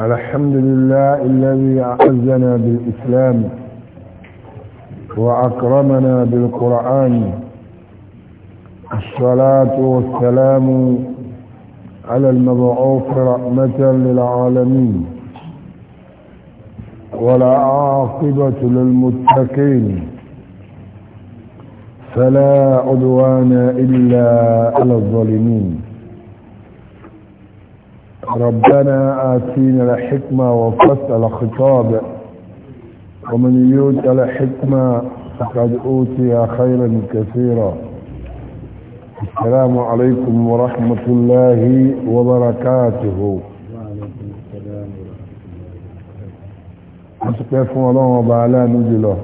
الحمد لله الذي أعزنا بالإسلام وأكرمنا بالقرآن الصلاة والسلام على المبعوث رحمة للعالمين ولا عاقبة للمتقين فلا عدوان إلا على الظالمين ربنا آتينا الحكمة وفصل خطاب ومن يوت الحكمة فقد أوتي خيرا كثيرا السلام عليكم ورحمة الله وبركاته وعليكم السلام ورحمة الله وبركاته الله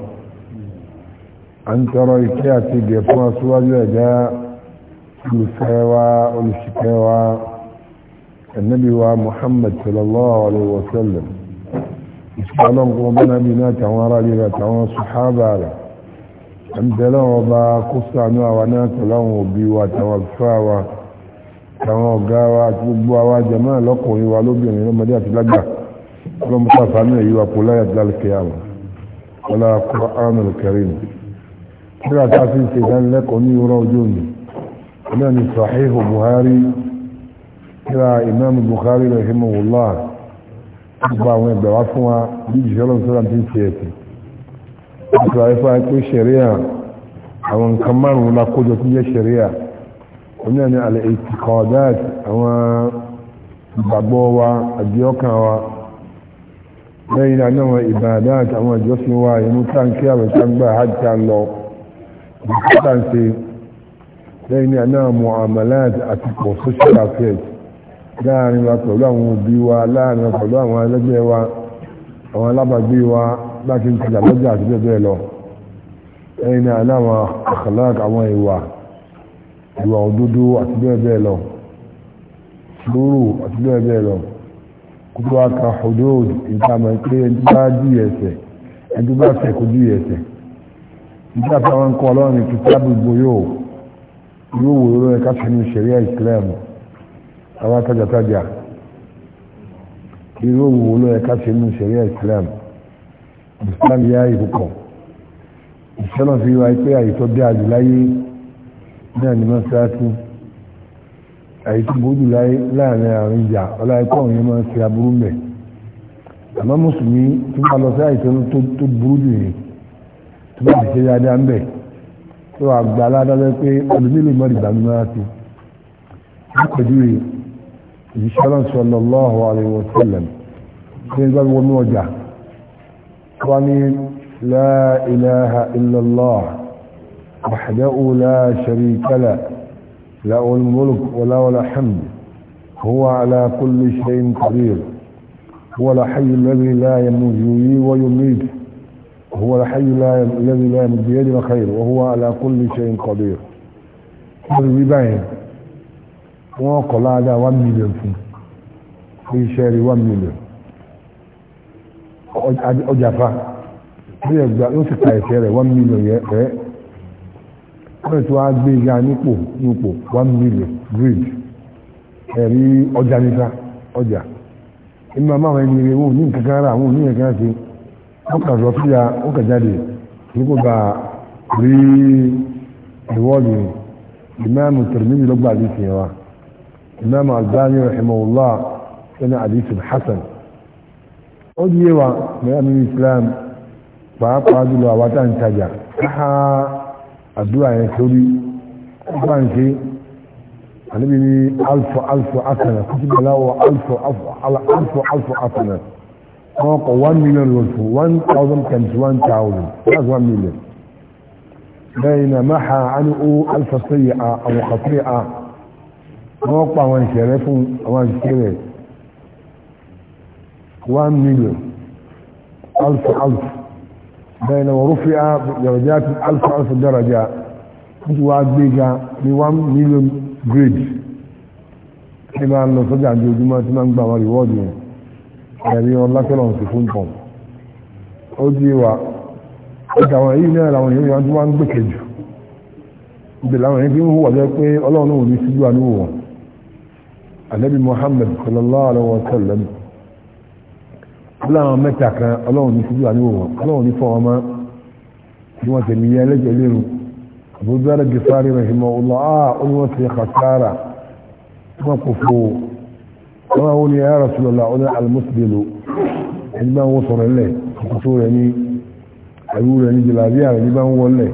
أنت رأيكياتي بيطنس وجه جاء كل سيوى والشكيوى النبي محمد صلى الله عليه وسلم ìsìkàlọ́n kó bá nàbí náà tàwọn ará rí rẹ̀ tàwọn sùhábà rẹ̀ ẹ̀mdẹ̀lẹ́ wọn bá kó sànú àwa náà tọ́láwọn òbí wa tàwọn fà wa tàwọn ọ̀gá wa àti gbogbo àwa jẹ̀mọ́ ẹ̀lọ́kùnrin wa lóbìnrin lọ́mọdé àti lágbà ọlọ́mọta sànú èyí wa kó láyà dálùkẹ́ àwọn ọlá Qur'anul Karim kíra tá fi ṣe ìdánilẹ́kọ̀ọ́ ní ìwúrọ̀ ojú òní ọlọ́ni Sahihu Buhari kíra imam bukhari rahimahullah gbogbo àwọn ẹgbẹ̀ wá fún wa bí jùlọ sọ́rọ̀ tí ń ṣe ẹ̀sìn àtàrà ifá pé ṣẹ̀ríà àwọn nǹkan márùn-ún lákójọ tí jẹ́ ṣẹ̀ríà oní ẹni alẹ́ ìtìkọ̀ọ́dáàtì àwọn ìgbàgbọ́ wa àdíọ́kàn wa lẹ́yìn náà àwọn ìbàdáàtì àwọn ìjọsìn wa ìmú táǹkì àwẹ̀ táǹgbà lọ ìgbà táǹṣe lẹ́yìn náà muamalat àti pọ̀ social affairs láàrin wa pẹ̀lú àwọn òbí wa láàrin wa pẹ̀lú àwọn ẹlẹ́gbẹ́ wa àwọn alábàgbé wa láti ń tajà lọ́jà àti bẹ́ẹ̀ bẹ́ẹ̀ lọ ẹ̀yìn náà láwọn àkàlákà àwọn ìwà ìwà òdodo àti bẹ́ẹ̀ bẹ́ẹ̀ lọ lóòrò àti bẹ́ẹ̀ bẹ́ẹ̀ lọ kúrò aka hudud ìtàmà pé ẹni bá jí ẹsẹ̀ ẹni bá fẹ́ kó jí ẹsẹ̀ nígbà táwọn ń kọ́ ọlọ́run kìtàbù gbòyò yóò wòrò ẹ̀ka sínú ṣẹ̀ríà ìsìlẹ́mù àwọn tajàtajà irú òwò ló ẹ̀ka ṣe mú ṣẹ̀ríà Islam Islam yá ìbùkọ̀ ìṣẹ́nà fi wáyé pé àyètọ́ dé àjù láyé náà ni mọ́ṣáláṣí àyètọ́ bójú láyé láàrin àrùn ìjà ọláyẹ̀kọ́ òun yẹn máa ń ṣe aburú mẹ́ àmọ́ mùsùlùmí tó bá lọ sí àyètọ́ tó burú jù yìí tó bá ti ṣe dáadáa ń bẹ̀ tó àgbà aládàá pé olùmílò mọ́rìgbà ló máa ìṣẹ́lẹ̀ sallallahu alaihi wa sallam tí ń gbàgbọ́ ní ọjà wọ́n ní la ilaha illallah wahdahu la sharika lahu lahu al-mulk wa lahu al-hamd هو على كل شيء قدير هو الحي الذي لا يموت يحيي ويميت هو الحي الذي لا يموت بيده الخير وهو على كل شيء قدير هذا بيبين wọ́n kọ̀ láàdá one million fún ní iṣẹ́ rí one million ọjà fa bí ẹgbà ló sì ta ẹ̀ṣẹ́ rẹ̀ one million yẹ ẹ́ wọ́n ti wá gbé ga nípò nípò one million grid ẹ̀rí ọjà níta ọjà ìmọ̀ àmàwọn ẹni rẹ̀ wọ́n ní nǹkan kan rà wọ́n ní nǹkan kan ṣe wọ́n kà lọ síya wọ́n kà jáde nípò bá rí ìwọ́ọ̀dù ìmáàmù tẹ̀lé níbi lọ́gbàdì tiẹ̀ wa imam albani rahimahullah yana hadisin hasan ó di yéwa mẹ́rin islam pàápàá jùlọ àwọn tá ń tajà káha àdúrà yẹn sórí ọgbà ń ṣe àníbi ní alfa alfa asana kúkúbà láwọ alfa alfa alfa asana wọn kọ one million lọ́sùn one thousand times one thousand that's one million bẹ́ẹ̀ ni máa ha á ní ó alfa sẹ́yìn à àwọn kàfẹ́ à wọ́n pa àwọn ìṣẹ̀rẹ́ fún àwọn ìṣẹ̀rẹ́ one million alf alf bẹ́ẹ̀ na wọ́n fi dàrájà ti alf alf dàrájà wọ́n ti wá gbé ga ní one million grade ní bá ń lọ sọ́jà àti ojúmọ́ tí máa ń gba àwọn reward yẹn ẹ̀rí ọlákẹ́lọ̀ sí fún pọ̀ ó di wa ọjà àwọn èyí náà làwọn èèyàn tí wọ́n ń gbèkè jù ìbẹ̀lẹ̀ àwọn èèyàn tí wọ́n hùwà jẹ́ pé ọlọ́run ò النبي محمد صلى الله عليه وسلم لا متك الله نسيب عليه الله نفهم ما تمية لجليل أبو ذر الجفاري رحمه الله آه أنو في خسارة ما كفو ما هو يا رسول الله أنا المسبل عندما وصل له كفور يعني أقول يعني جلابيا عندما هو له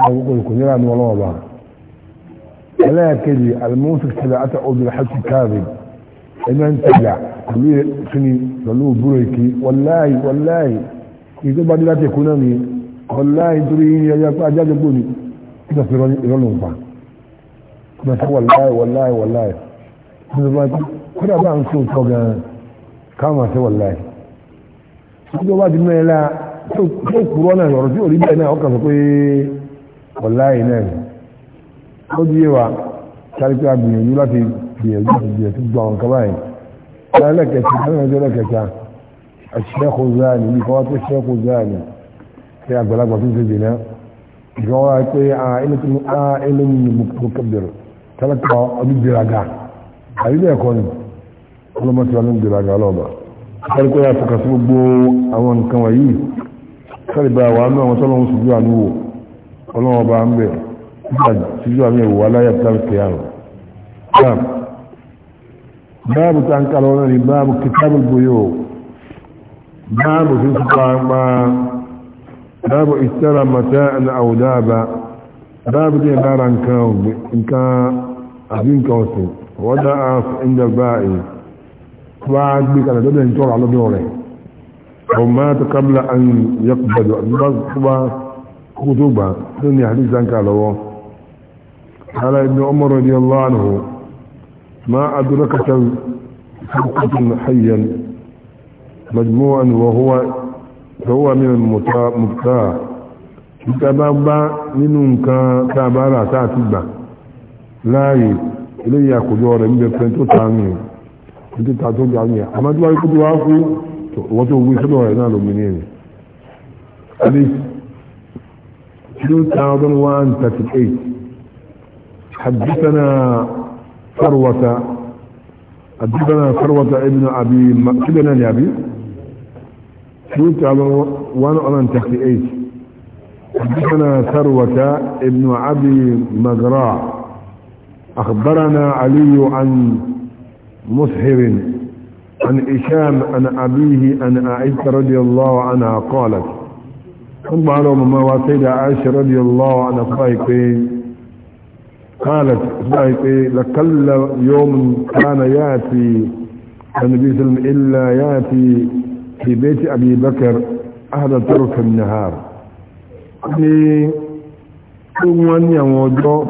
أقول كنيران والله ẹlẹ́ẹ̀kejì alimusu tẹ̀lé ata obìnrin hasi káàbì ẹgbẹ́ ń tẹ̀lé pẹ̀lú fini pẹ̀lú búrẹ́kì wàláyì wàláyì kì í tó bá dé láti ẹ̀kọ́ náà ni wàláyì torí yín ni ẹja ajá tó gbòmí kí ló fi ìrọ́lù nǹkan kí ló fi wàláyì wàláyì wàláyì kí ló fi kódà bá ń sọ òtọ́ gan-an káwọn àti wàláyì kí ló bá mẹ́rin la tó kúrọ́ náà lọ́rọ̀ tí ò ó di yé wa kárí pé a gbìyànjú láti gbìyànjú láti gbìyànjú gbọ́ àwọn kaba yìí lẹ́lẹ́kẹ̀ẹ́sì lẹ́lẹ́kẹ̀ẹ́sì lẹ́lẹ́kẹ̀ẹ́sì àṣẹ́kù záàni bí kọ́wá pé ṣẹ́kù záàni ṣe àgbàlagbà tó ṣe dènà ìgbọ́wá pé ẹlẹ́mìnì mọ̀kẹ́bẹ̀rẹ̀ tẹ́lẹ̀kọ́ ọdún gbèrágà àrílẹ̀ ẹ̀kọ́ ni ọlọ́mọtí ọdún gbèrágà ọlọ́ọ̀bà kẹ́lẹ́kọ́ yà fọkà sí gbogbo àwọn nǹkan wọ̀nyí kẹ́lẹ́bà wà á náà wọn tọ́lọ́wọ́ sùgbọ́n àníwò ọlọ́wọ́ bá ń bẹ̀rẹ̀ síjú àmì ìwò aláyàtàrí báàbù tá kàlọ́ náà ni báàbù kìtàbù bóyó báàbù fi sùpá báàbù ìtara mata na àwùdá ba báàbù tí lára nǹkan dẹ̀ قال ابن عمر رضي الله عنه ما أدركت حلقة حيا مجموعا وهو هو من المبتاع ìtàbábá nínú nǹkan tàbára tààtì gbà láàyè iléyà àkójọ rẹ̀ níbẹ̀ pẹ́ tó ta ní títí ta tó gbà ní àmájúwá ikú tó wá kú wọ́n tó wí 2138 حدثنا ثروة حدثنا ثروة ابن أبي كدنا يا أبي كنت وأنا أنا انتهي إيش حدثنا ثروة ابن أبي مزرع أخبرنا علي عن مسهر عن إشام عن أبيه عن عائشة رضي الله عنها قالت ثم على ما وسيد عائشة رضي الله عنها قالت قالت لكل يوم كان ياتي النبي صلى الله عليه وسلم الا ياتي في بيت ابي بكر اهل طرف النهار ni fún wọn ní àwọn ọjọ́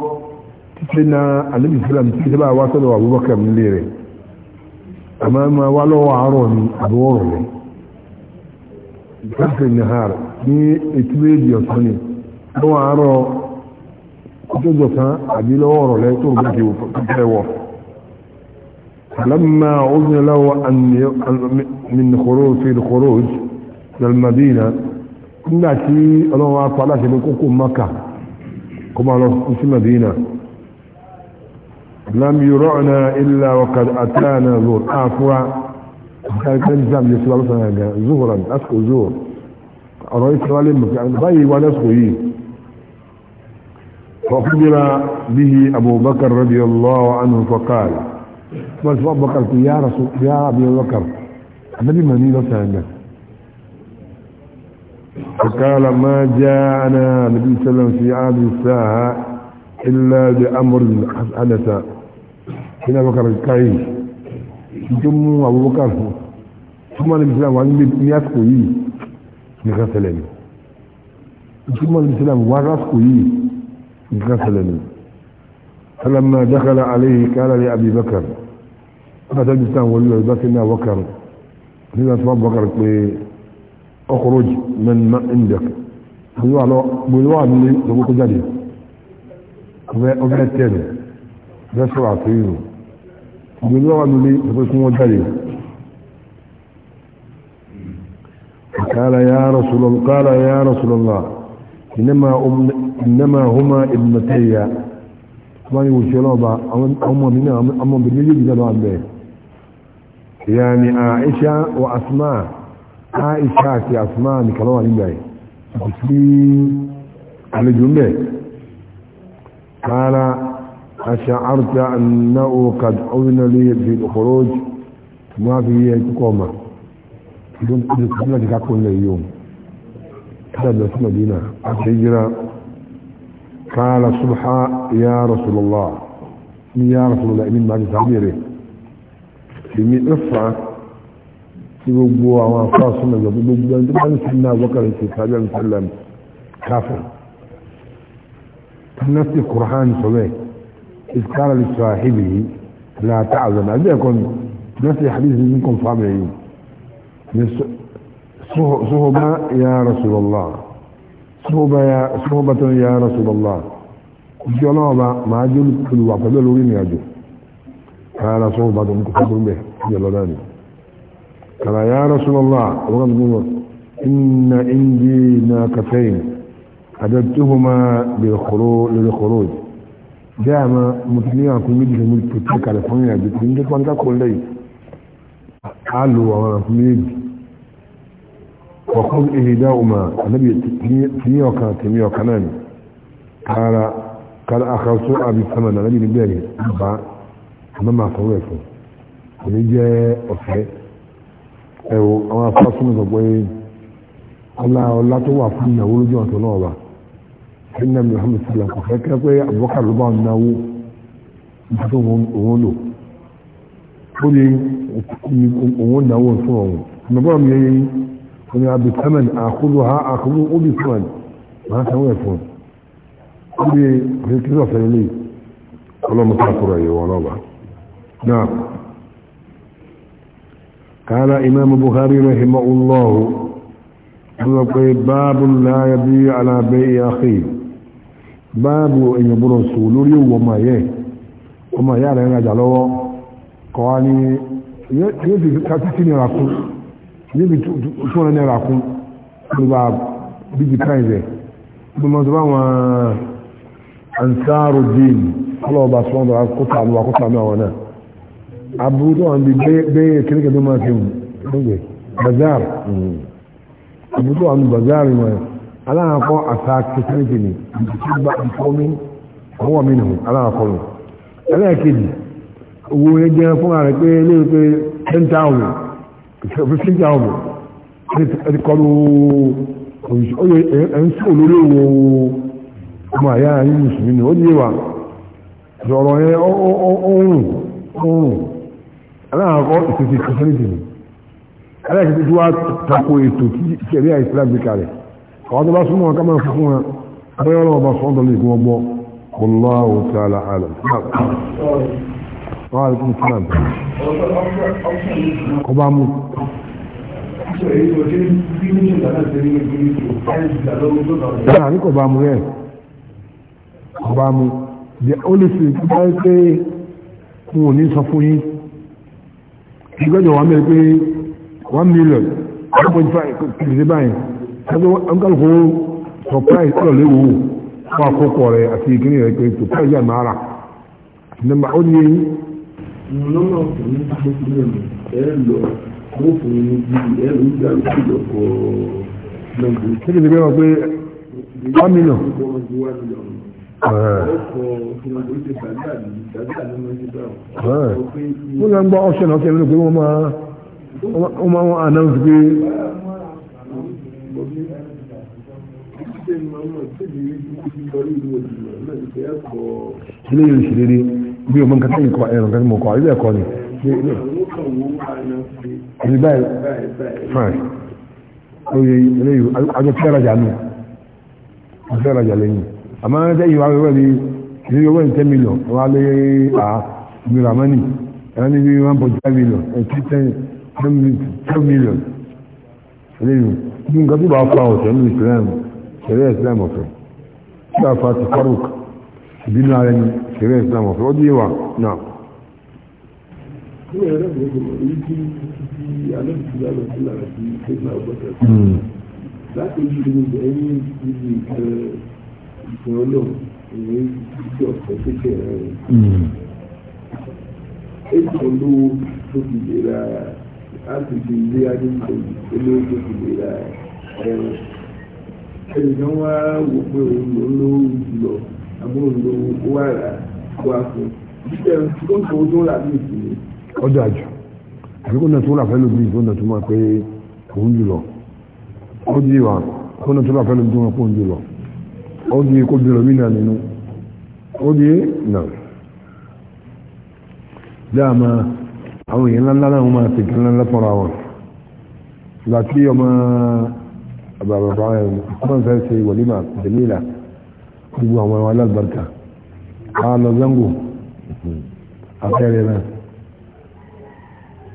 títí na alibi islam tí sábà wá sọ́dọ̀ abubakar nílé rẹ̀ àmọ́ ma wá lọ́wọ́ àárọ̀ ní àbúrò rẹ̀ láti nìhàr ní ètúwéèdì ni lọ́wọ́ àárọ̀ جوجو كان فلما عذن له ان من خروج في الخروج من المدينة كنا كي انا طلع في مكة مكة كما لو في المدينه لم يرعنا الا وقد اتانا زور عفوا قال كان زام يسوى زورا اسكو زور رأيت سوالي مكة يعني باي وانا اسكو فقبل به أبو بكر رضي الله عنه فقال بس أبو بكر يا رسول يا أبي بكر النبي من لو سألنا فقال ما جاءنا النبي صلى الله عليه وسلم في هذه الساعة إلا بأمر حدث هنا بكر الكاي ثم أبو بكر ثم النبي صلى الله عليه وسلم يسكو يي نغسلني ثم النبي صلى الله عليه وسلم ورسكو يي مثلا فلما دخل عليه قال لأبي بكر فتجسان ولي بكنا وكر هنا سواب بكر اخرج من ما عندك هو على بلوان لي لبوك جدي وفي التاني رسول عطيه بلوان لي لبوك جدي قال يا رسول الله قال يا رسول الله إنما أم إنما هما ابنتي wọ́n yóò ṣe lọ́ba ọmọ mi náà ọmọ mi méjèèjì náà lọ́wọ́ bẹ́ẹ̀ yàní Aisha wa Asma Aisha àti Asma nìkan lọ́wọ́ nígbà yìí kò sí àlejò ń bẹ̀ kára aṣa arta annáwó kad ordinary fi ọkọ̀rọ̀j mú a fi yẹ kíkọ́ ọmọ ìdún kúrò sí láti kákó ilẹ̀ yìí o kí a lọ sí Madina a ṣe jira قال صبحا يا رسول الله يا رسول الله من بعد تعبيره من افعى يبقوا وانفاس من يبقوا بان سنة وكرة التابع وسلم كافر نفس القرآن صلاه إذ قال لصاحبه لا تعلم ان يكون نفس الحديث منكم صابعين صهبا يا رسول الله صوبة يا صوبة يا رسول الله جلوبا ما جل كل وقت لوري نياجو قال صوبة مكفر به جلوداني قال يا رسول الله وقد نور إن عندي ناقتين عددتهما بالخروج للخروج دائما متنيا كل مدة ملك تلك على فمي عدد من جد وانتا كل لي قالوا وانا ميدي وخذ إهداؤما النبي تنيوكا تنيوكا ناني قال قال أخرت أبي الثمن النبي نبيه أبا أمام صويته ونجا أوكي أو أما فاصل نقول الله الله تو فينا ولجوا تنوبا إن محمد صلى الله عليه وسلم قال أبو بكر رضوان ناو نتوم ونلو قولي ونلو ونلو ونلو ونلو ونلو wani abu taman a kudu ha a kudu ubi fuwan ma san wani fuwan ubi ne kisa sanile kula mutum kura yi wani ba na قال إمام البخاري رحمه الله باب لا يبيع على بيع أخيه باب إن يبرو سولوري وما يه وما يعلن أجلوه قال يجب كاتسين يراكو níbi tó wọn náírà kún nígbà bíbí káyìnzẹ bí mo sọ bá wọn ansaaro dín ọlọ́ọ̀bá sọ́wọ́n bá kóta àlùwà kóta àmì àwọn náà aburú tó wọn bí bẹ́ẹ̀ kérékè tó máa kéwù lóògbé bazar aburú tó wọn bí bazar wọn aláàkọ́ àṣà kékeré ni ìtúbà ìfọ́mí àwọn mi nìhun aláàkọ́ mi ẹlẹ́ẹ̀kejì owó yẹn jẹ́ fún ààrẹ pé ilé ìpè ten thousand ìfẹ́ sí ìjà ọ̀bọ̀ ẹni kọlu oyè ẹ̀ń sí olórí wo ọmọ àyà yín mùsùlùmí ni ó ní wa sọ̀rọ̀ yẹn ọ̀rùn ọ̀rùn aláàkọ́ ìtòsí kìrìsìtì ni aláàkọ́ tí wàá tako ètò tí ìṣẹ̀rí àìsílámù gbé kalẹ̀ àwọn tó bá súnmọ́ wọn ká máa fún wọn abẹ́yẹ́ wọn bá sọ́ńdọ̀ lè gbọ́ gbọ́ Allahu ta'ala alam wọ́n rí kí islam kọ́ bá mú. dára ní kò bá mú rẹ̀ kò bá mú ó lè fi kíkọ́ pé n ò ní sọ fún yín ìgbẹ́jọ̀ wà mẹ́rin pé one million one point five kìlìdì báyìí ẹgbẹ́ ọ̀nkálùkù surprise ọ̀rọ̀ léwu fún àkókò rẹ̀ àti ìkíní rẹ̀ pé surprise yà máa rà ó ní lọ́nà ọ̀sẹ̀ ní gbogbo ẹ̀ lọ wọ́n fún mi níbi ẹ̀ ń gbà lókè lọ́kọ̀ lọ́gbọ̀n. kí ni ìgbẹ́ wọn pé one million. wọ́n lọ ń gbọ́ option ọ̀sẹ̀ nínú pé wọ́n máa wọ́n máa wọ́n announce pé. ilé yóò ṣe déédéé bí o mọ nǹkan tẹ́yìn kọ ẹ̀rọ nǹkan tí kọ ilé ẹ̀kọ́ ni. ẹni báyìí fine oye eléyìí ajọ tí ẹrajà nù ajọ ẹrajà lẹ́yìn àmọ́ ẹni tẹ́yìn wa wẹ́wẹ́ ni ilé owó ní ten million wà lé à mìíràn mọ́nì ẹni bí one point five million ẹtí ten ten million eléyìí nǹkan tí bá fà ọ̀sẹ̀ ní ìsìlẹ̀mù ìsìlẹ̀mù ọ̀fẹ́ tí a fà ti faruk ìbínú ara ẹni ṣẹlẹ̀ islam ọ̀fẹ́ ọdún yẹwà náà. láti ojú ìdíje ẹ̀yìn ìdíje ìfẹ́ ọlọ́run ìwé ìdíje ọ̀fẹ́ kékeré rẹ̀. Hmm. ètò olówó tó fi lè ra òun lòún jùlọ àbúrò ló wà wá fún un tó ń fowó tó ń rà ní ìsinmi. ọjọ́ àjò àbí kó náà tó rà fẹ́ lóbi kó náà tó máa pé òun jù lọ ó di wa kó náà tó rà fẹ́ lóbi tó máa pé òun jù lọ ó di kó bí lómi náà nínú ó di náà dáàmà àwọn èèyàn ńláńlá náà wọ́n máa ti ńláńlá fọ́ra wọn ìgbà ọmọ bàbá bàbá ẹ̀ kọ́ńtà ṣe wọlé mà jẹ́mílà gbogbo àwọn ọmọ alágbàtà àwọn lọ zango afẹ́rẹ́ náà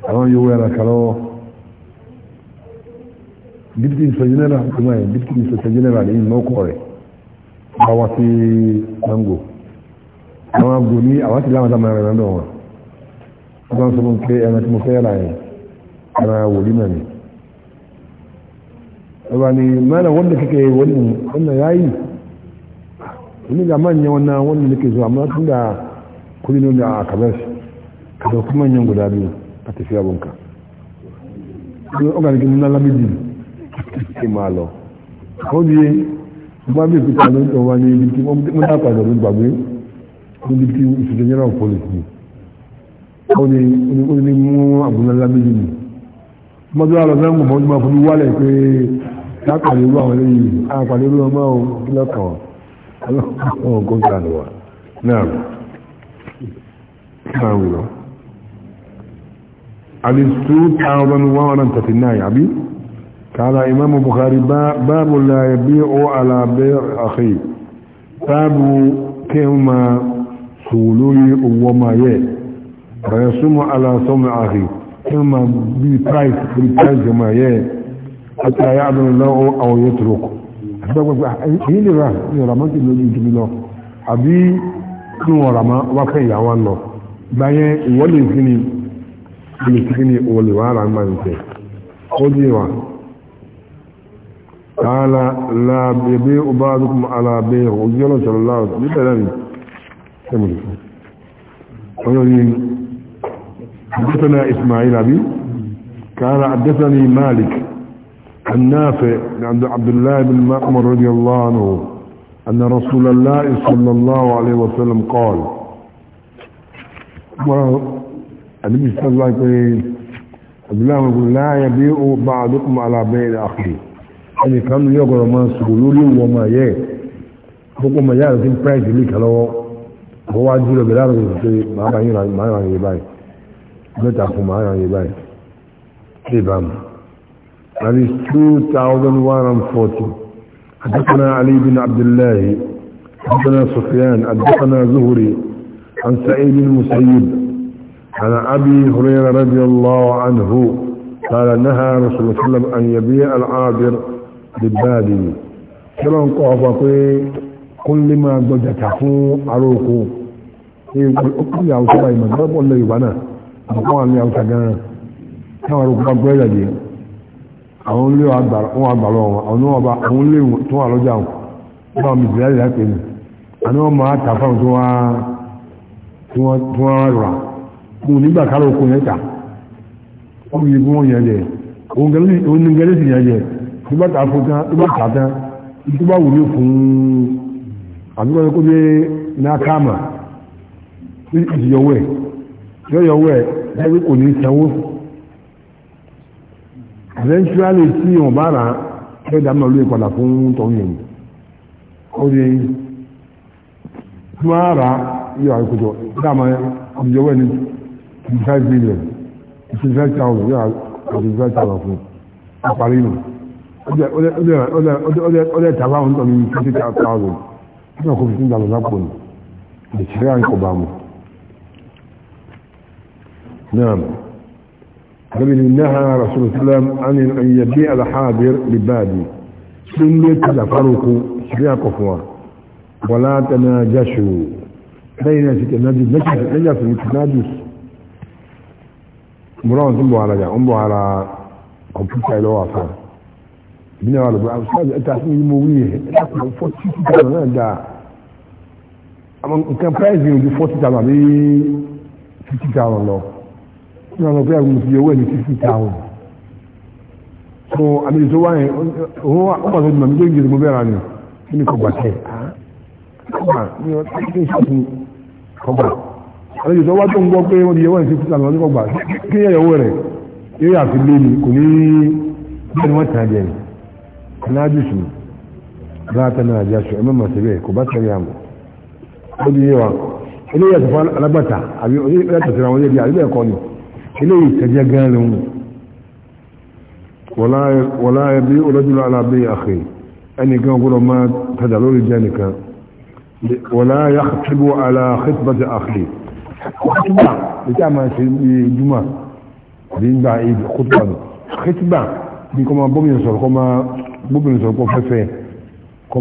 àwọn yóò wẹ́ra kàlọ́wọ́ dipiti inspector general kuma yẹn dipiti inspector general yìí mọ́kọ̀ rẹ̀ bá wá sí zango àwọn agbo ní àwọn ti láwọn sábà rẹ̀ lọ́dọ̀ wọn wọ́n sọ fún pé ẹran tí mo fẹ́ ra yẹn ẹran wòlí náà ni. Ọba ni mẹ́rin wọ́n lè kékeré wọ́n ní ọ̀nà yáyì wani da manyan wannan wanda nake zuwa amma tun da kudi da a kabar ka dauki manyan guda biyu a tafi abinka wani organikin na lamidi ke malo ko biye ba bi fita don tsawa ne bilki mun dafa da rubba gwe mun bilki su da yaran police ne ko ne wani kudi mu abu na lamidi ne kuma zuwa da zan gumma wani mafi wale pe ta kwale ruwa wani a kwale ruwa ma o kila kawai ọlọ́run kó sànù wa náà náà wùlọ. alistu thousand one hundred and thirty nine àbí kàlà imaamu bukhari báàbù láyé bí ó alábẹ́ àkè báàbù kéwọn máa sùn lórí owó máa yẹ rẹ̀ súnmọ́ aláṣọ́mọ́ àkè kéwọn máa bí price free price máa yẹ àti àyà àdánù àwọn yóò tó rọ̀kù gbogbo èyí lè rà ní ọ̀ràmọ́ tí lójú ìdúmí lọ àbí kí wọn ọ̀ràmọ́ wá fẹ́ ìyá wa lọ gbáyé ìwọ lè fi ni lè fi ni òwò lè wá ara máa ń tẹ̀ ó dì wà tààlà làbẹ̀bẹ̀ ọba àdúkùn alàbẹ̀ òjú ọ̀nà sọ̀rọ̀ láàrọ̀ níbẹ̀ lẹ́nu sẹ́mùlù ọ̀yọ́ ni حدثنا إسماعيل أبي كان حدثني مالك النافع عبد الله بن مأمر رضي الله عنه أن رسول الله صلى الله عليه وسلم قال النبي صلى الله عليه وسلم عبد الله يقول لا يبيع بعضكم على بيع أخيه أن كانوا يقرأ ما سبلولي وما يه فوقوا ما يعرف إن برايس ليك لو هو عاد يقول بلا ما بعين ما يعني يباي متى أخو ما يعني يباي إيه is 2140 حدثنا علي بن عبد الله حدثنا سفيان حدثنا زهري عن سعيد المسيب عن أبي هريرة رضي الله عنه قال نهى رسول الله صلى الله عليه وسلم أن يبيع العابر بالبادي كما نقول كل ما ضد تحفو عروقه يقول أقل يا عوصبا يمدرب ولا يبانا أقوى يا عوصبا كما رقبا قوي àwọn olè wọn àgbàlọ wọn àwọn ọba àwọn olè tó wà lọ́jà wọn wọn bá mi jìlá pè mí àní wọn máa tà fáwọn tí wọn tí wọn rà mo nígbà kálọ̀ oko yẹn tà wọn yìí fún wọn yẹn jẹ òun sì yẹn jẹ tó bá fún tán tó bá tán tó bá wùlé eventually tí wọn bá rà ẹ dàmú ọlú ìpadà fún tọ́wọ́ yẹn ó di tí wọn rà yóò àkójọ dàmú ọjọ́ wẹ̀ five million twenty five thousand yóò àkójọ five thousand fún àparí nù ọdẹ tàbá wọn tọ́ ní twenty thousand tí wọn kò fi sí ìdàlọ́ lápò ní ìṣẹ́yà ń mu. فمن نهى رسول الله صلى الله عليه وسلم عن أن يبيع الحاضر لبادي سنة تفرق شريع كفوة ولا تناجشوا بين تتناجس نجس نجس متناجس مراهن تنبو على جا انبو على كمبيوتر إلى واسع بنا على بقى أستاذ أنت عشان يمويه لكن فوت شيء كذا دا أما كان برايزين دي فوت كذا بي 50 كذا والله ní ọmọ pé àwọn ìfìyàwó ẹni fífi ta wọn so àmì tó wáyé òun wà ọmọ tó dùn mí lóyún jẹ́ ìgbó bẹ́ẹ̀ rà ní nínú kọgbà tẹ̀ kọgbà ní ọtí ní ìṣàkùn kọgbà àlejò tó wá tó ń gbọ́ pé wọ́n ti yẹwọ́ ẹni fífi ta wọn ní kọgbà kí ẹ̀yẹ̀wò rẹ̀ yóò yà fi lé ní kò ní bẹ́ẹ̀ ni wọ́n tàn jẹ́ ni aláàjù sùn bá a tẹ̀lé àjẹ́ aṣọ ẹ̀mọ́ mọ̀ síbẹ̀ kò bá tẹ̀lé àmọ́ ó di yé wa eléyàtọ̀ fún alágbàtà àbí eléyàtọ̀ sí àwọn ilé eléyìí ìtẹ́jẹ́ gan lóhun wọ́lá ẹbí olójúlọ alábí àkè ẹnìkan gbọ́dọ̀ máa tàjà lórí jẹ́ nìkan wọ́lá yá tíbú aláhìtìbàtì àkè kútùbà ní tí a máa ṣe ní júmà bí ń gba ibi kútùbà nù kútùbà bí kọ́ máa bóbìnrin sọ̀rọ̀ kọ́ máa bóbìnrin sọ̀rọ̀ kọ́ fẹ́fẹ́ kọ́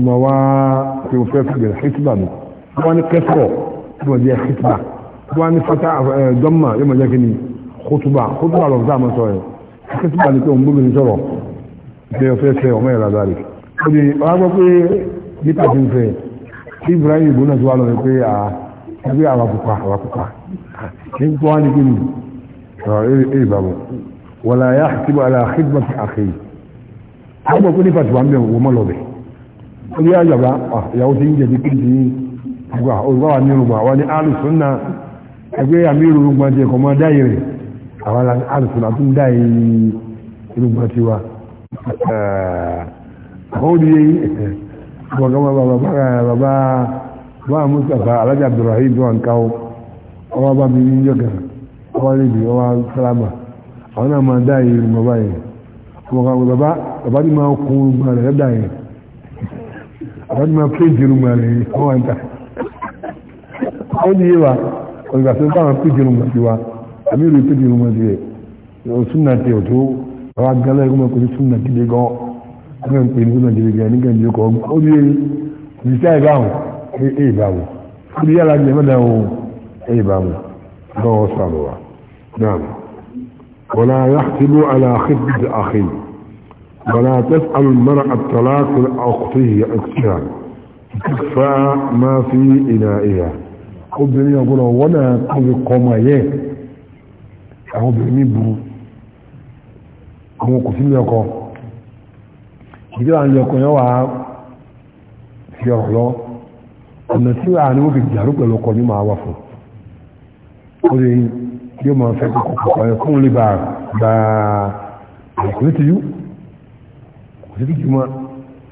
máa wá kótóbà kótóbà lọ sáà mọ́ sọ ẹ̀ kótóbà ní pé òun gbóbi ní sọ̀rọ̀ pé ọ̀fẹ́ fẹ́ ọmọ ẹ̀rọ adarí ó di ọlọ́gbọ́ pé nípa ti ń fẹ́ tí Ibrahim ìbò náà ti wá lọ rẹ̀ pé à ẹgbẹ́ àwọn pupa àwọn pupa ní pípọ́ wá ní kíni ọ̀rọ̀ èrè bàbọ̀ wọ̀là yá àti bàlá àkíkbà ti àkèyí àgbọ̀ pé nípa ti wà ń bẹ̀ wọ́n mọ́ lọ bẹ̀ ó di àjàgbá ìyàwó ti ń jẹ̀bi kí ti gbà olùwà wà ní olùgbà wà ní alùsùn náà ẹgbẹ́ àmì ìrùrùgbà ti ẹ̀kọ́ mọ́ dáyé rẹ̀ àwọn aláàbí àdùsùn àti ń dá irúgbọ́n ti wa àwọn òdi ọgbọ̀n kan bàbá bàbá bàbá bàbá mustapha alájà abdulrahim tó wà ń káwọ́ ọwọ́ bá mi ní yọ̀gà ọwọ́ níbi ọwọ́ sálámà àwọn náà máa dá irúgbọ́n báyìí ọmọ kan bàbá bàbá ni máa kún irúgbọ́n rẹ̀ lẹ́dà yẹn bàbá ni máa péjì irúgbọ́n rẹ̀ ọwọ́ ń ta ó ní yé wa ọ̀gbà tó bá wọn péjì irúgbọ́n ti wa amiru ipedi ọmọ ti yẹ yọ sunna ti o tó àwọn agalẹ ẹgbẹ kò ní sunna ti di gan ẹgbẹ nkpé ní sunna ti di gan ní gan jẹ kọ ó di yẹ ní sáyẹ báwò ẹ ẹ báwò ó di yàrá jẹ mẹ́ta o ẹ ẹ báwò lọ́wọ́ sàlọ wa naam wọlá yàtìlú aláxibìtì àxì wọlá tẹsán mara àtàlákùn àkùtìyà àkùtìyà tẹsán máa fi ìnà ìyà obìnrin ọgbọnọ wọn náà kọbi kọmọ yẹn àwọn obìnrin mi burú àwọn kò sí ilé ọkọ ìdí àwọn ilé ọkọ yẹn wà fi ọ̀rọ̀ lọ ọ̀nà tí wàá ní wọ́n fi jàrú pẹ̀lú ọkọ ní máa wà fún ó lè yóò máa fẹ́ kọ́kọ́ kọ́kọ́ yẹn fún lè bá gba àìkú ní tìjú kò sí tìjú mọ́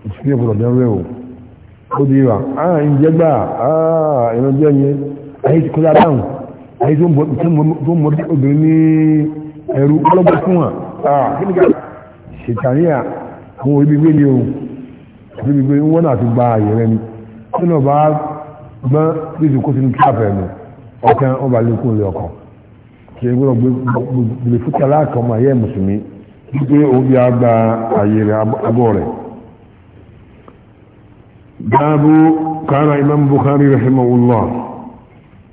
ìṣúná ìbùdó ọ̀dọ́ rẹ̀ o ó di wa ah ìjẹgbà ah ìrànjẹ́ yẹn ayé ti kọjá dáhùn ayé tó ń mọ̀ obìnrin ní ẹ̀rù ọlọ́gbọ́ fún wọn kíníkà ṣètàníyà àwọn orígbé ní ohun orígbé wọn náà ti gba ààyè rẹ ni tí náà bá gbọ́n bí ìsìnkú sínú kíláàfẹ́ ẹ̀mù ọkàn ọba lẹ́kùn lé ọkàn kí ẹ gbọ́dọ̀ gbèrè fún tàlá kan ọmọ ayé mùsùlùmí wípé òun bí a gba ààyè rẹ abọ́ rẹ̀ dáàbò kára imam Bukhari rahimahullah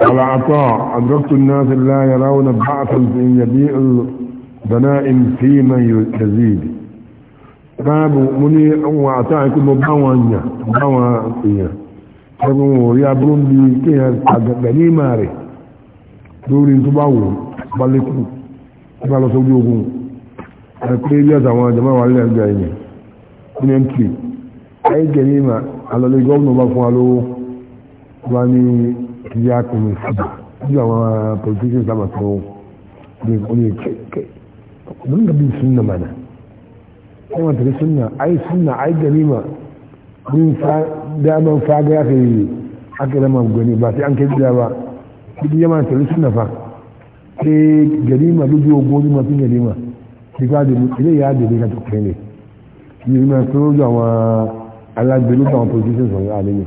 قال عطاء أدركت الناس لا يرون بعثا من يبيع البنائم فيما يزيد باب مني أو عطاء كل مباوانيا مباوانيا كانوا يابرون بي كيها بني ماري دوري انتباو بالكو قال سوجوكم أكيد يا زمان جماعة وعلي الجايين من أنتي أي جريمة على اللي قبل ما فعلوا يعني kìíyà tó ní sábà bí àwọn politicians sábà tó ní oní kẹkẹ mun ga bin sunna mana sai wata da sunna ai sunna ai ganima mun fa daman faga ya kai aka zama gani ba sai an kai gida ba duk yamma ta sunna fa sai ganima duk gobe masu ganima ti ka da ilé ya da ka tukure ne yi ma so da wa alagbelu ba politicians wani alimi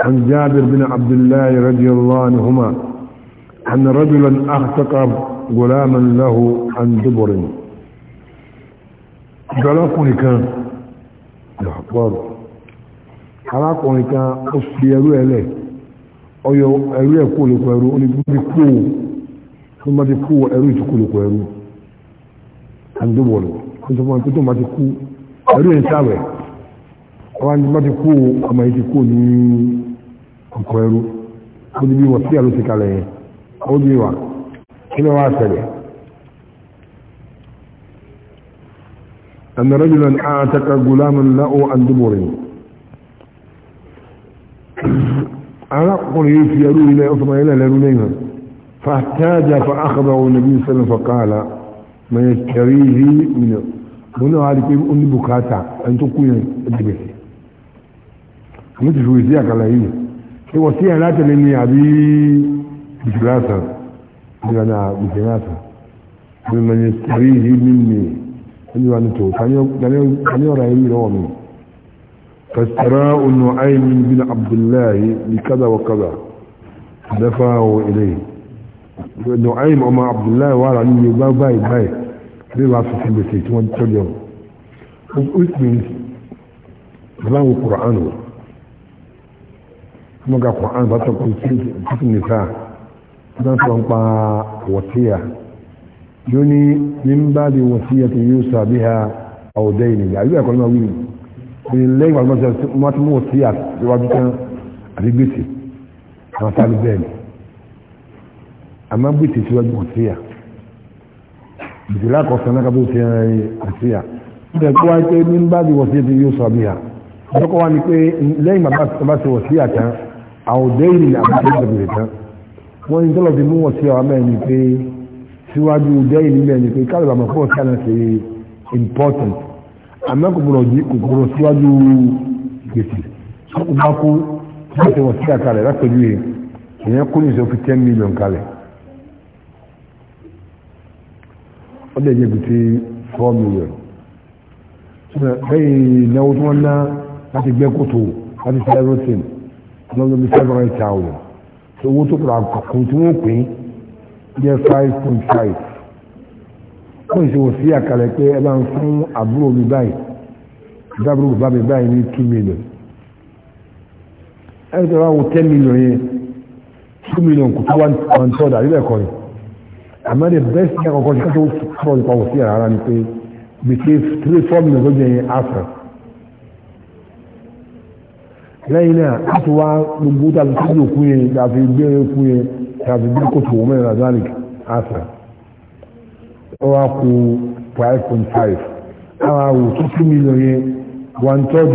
عن جابر بن عبد الله رضي الله عنهما أن رجلا أخطب غلاما له عن دبر غلاقني كان الأخبار غلاقني كان أصيروا إليه ọyọ ẹrú ẹ kó lóko ẹrú onídùú bí kó tó má ti kó ẹrú ìtú kó lóko ẹrú àdúgbòlù tó tó máa tó má ti kú ẹrú ẹ ń sáwẹ ọwọ́ àti má ti kó ọmọ yìí ti kó ní ọkọ̀ ẹrú ó ní bí wọ́n sí àlọ́ sí kalẹ̀ yẹn ó ní wà kí ló wá ṣẹlẹ̀ أن رجلا أعتق غلاما له عن دبر أرقني في أروي لا أصبع إلى لرنيها فاحتاج فأخذه النبي صلى الله عليه وسلم فقال ما يشتريه منه wọ́n náà wá rí pé ó ní bùkátà ẹni tó kú yẹn ẹ̀dẹ̀gbẹ̀sẹ̀ àmì ti fi wèsí àkàlà yìí ṣe wọ́n sí ẹ̀ látẹ̀lé ni àbí bìtìláṣà nígbà náà bìtìláṣà ní ọmọ yẹn sàrí yìí nínú ẹni wà ní tó tani ọ̀rọ̀ ayé lọ́wọ́ mi fẹsẹ̀rẹ̀ ọ̀nà ayé mi bí na abdullahi ní kaza wa kaza dafa wa ilé ọ̀nà ayé mi ọmọ abdullahi wà rà nínú bá báyìí báyìí bí kuma ga ƙwa'an ba ta cikin nisa don su an wasiya yoni min ba da wasiya ta yi sa biya a wadai ne ya yi a kwalma wuri ne lẹ́yìn wàlúmọ̀ sí wọ́n ti mú wasiya iwájú kan àti gbèsè àwọn sáré bẹ́ẹ̀ ni àmọ́ gbèsè síwájú wasiya gbèsè lákọ̀ọ́sán náà kábó ti rìn wasiya nígbà tó wáyé pé min ba da wasiya ta yi sa biya wa ni pé lẹ́yìn bàbá sí wasiya kan àwòdẹ́yìn ní àbúrò ìgbàgbé tán wọ́n ní tọ́lọ̀ fi mú wọ́n sí ọ̀rọ̀ mẹ́rin pé síwájú dẹ́yìn ní mẹ́rin pé káàlù àmọ́ fún ọ̀sán ṣe important àmọ́ kòkòrò jí kòkòrò síwájú gbèsè sọ́kù bá kú láti wọ́n sí àkàlẹ̀ lápẹ̀lú yẹn ìyẹn kú ní ìṣòfin ten million kalẹ̀ ó dẹ̀ jẹ́ gbèsè four million bẹ́ẹ̀ ìnáwó tí wọ́n ná láti gbẹ́ kòtò láti ṣe everything lọ́dọ̀ bí seven hundred thousand so owó tó kura kùn tí wọ́n pín jẹ́ five point five wọ́n ṣe wọ́n sí àkàlẹ̀ pé ẹ bá ń fún àbúrò mi báyìí dábúrò bàbá mi báyìí ní two million ẹ ṣe wá wo ten million yẹn two million kò tó one third àríwẹ̀ kọ́ ni àmọ́ the best thing àkọ́kọ́ ṣe ká tó kọ́ nípa wọ́n sí àrà ni pé gbèsè three four million ló jẹ́ yẹn lẹ́yìn náà a ti wá gbogbo tàbí tí ó kú yẹn tàbí gbé kú yẹn tàbí gbé kòtò wọ́n mẹ́rin azalik asa ó wá kú five point five àwọn awò tó two million yẹn one third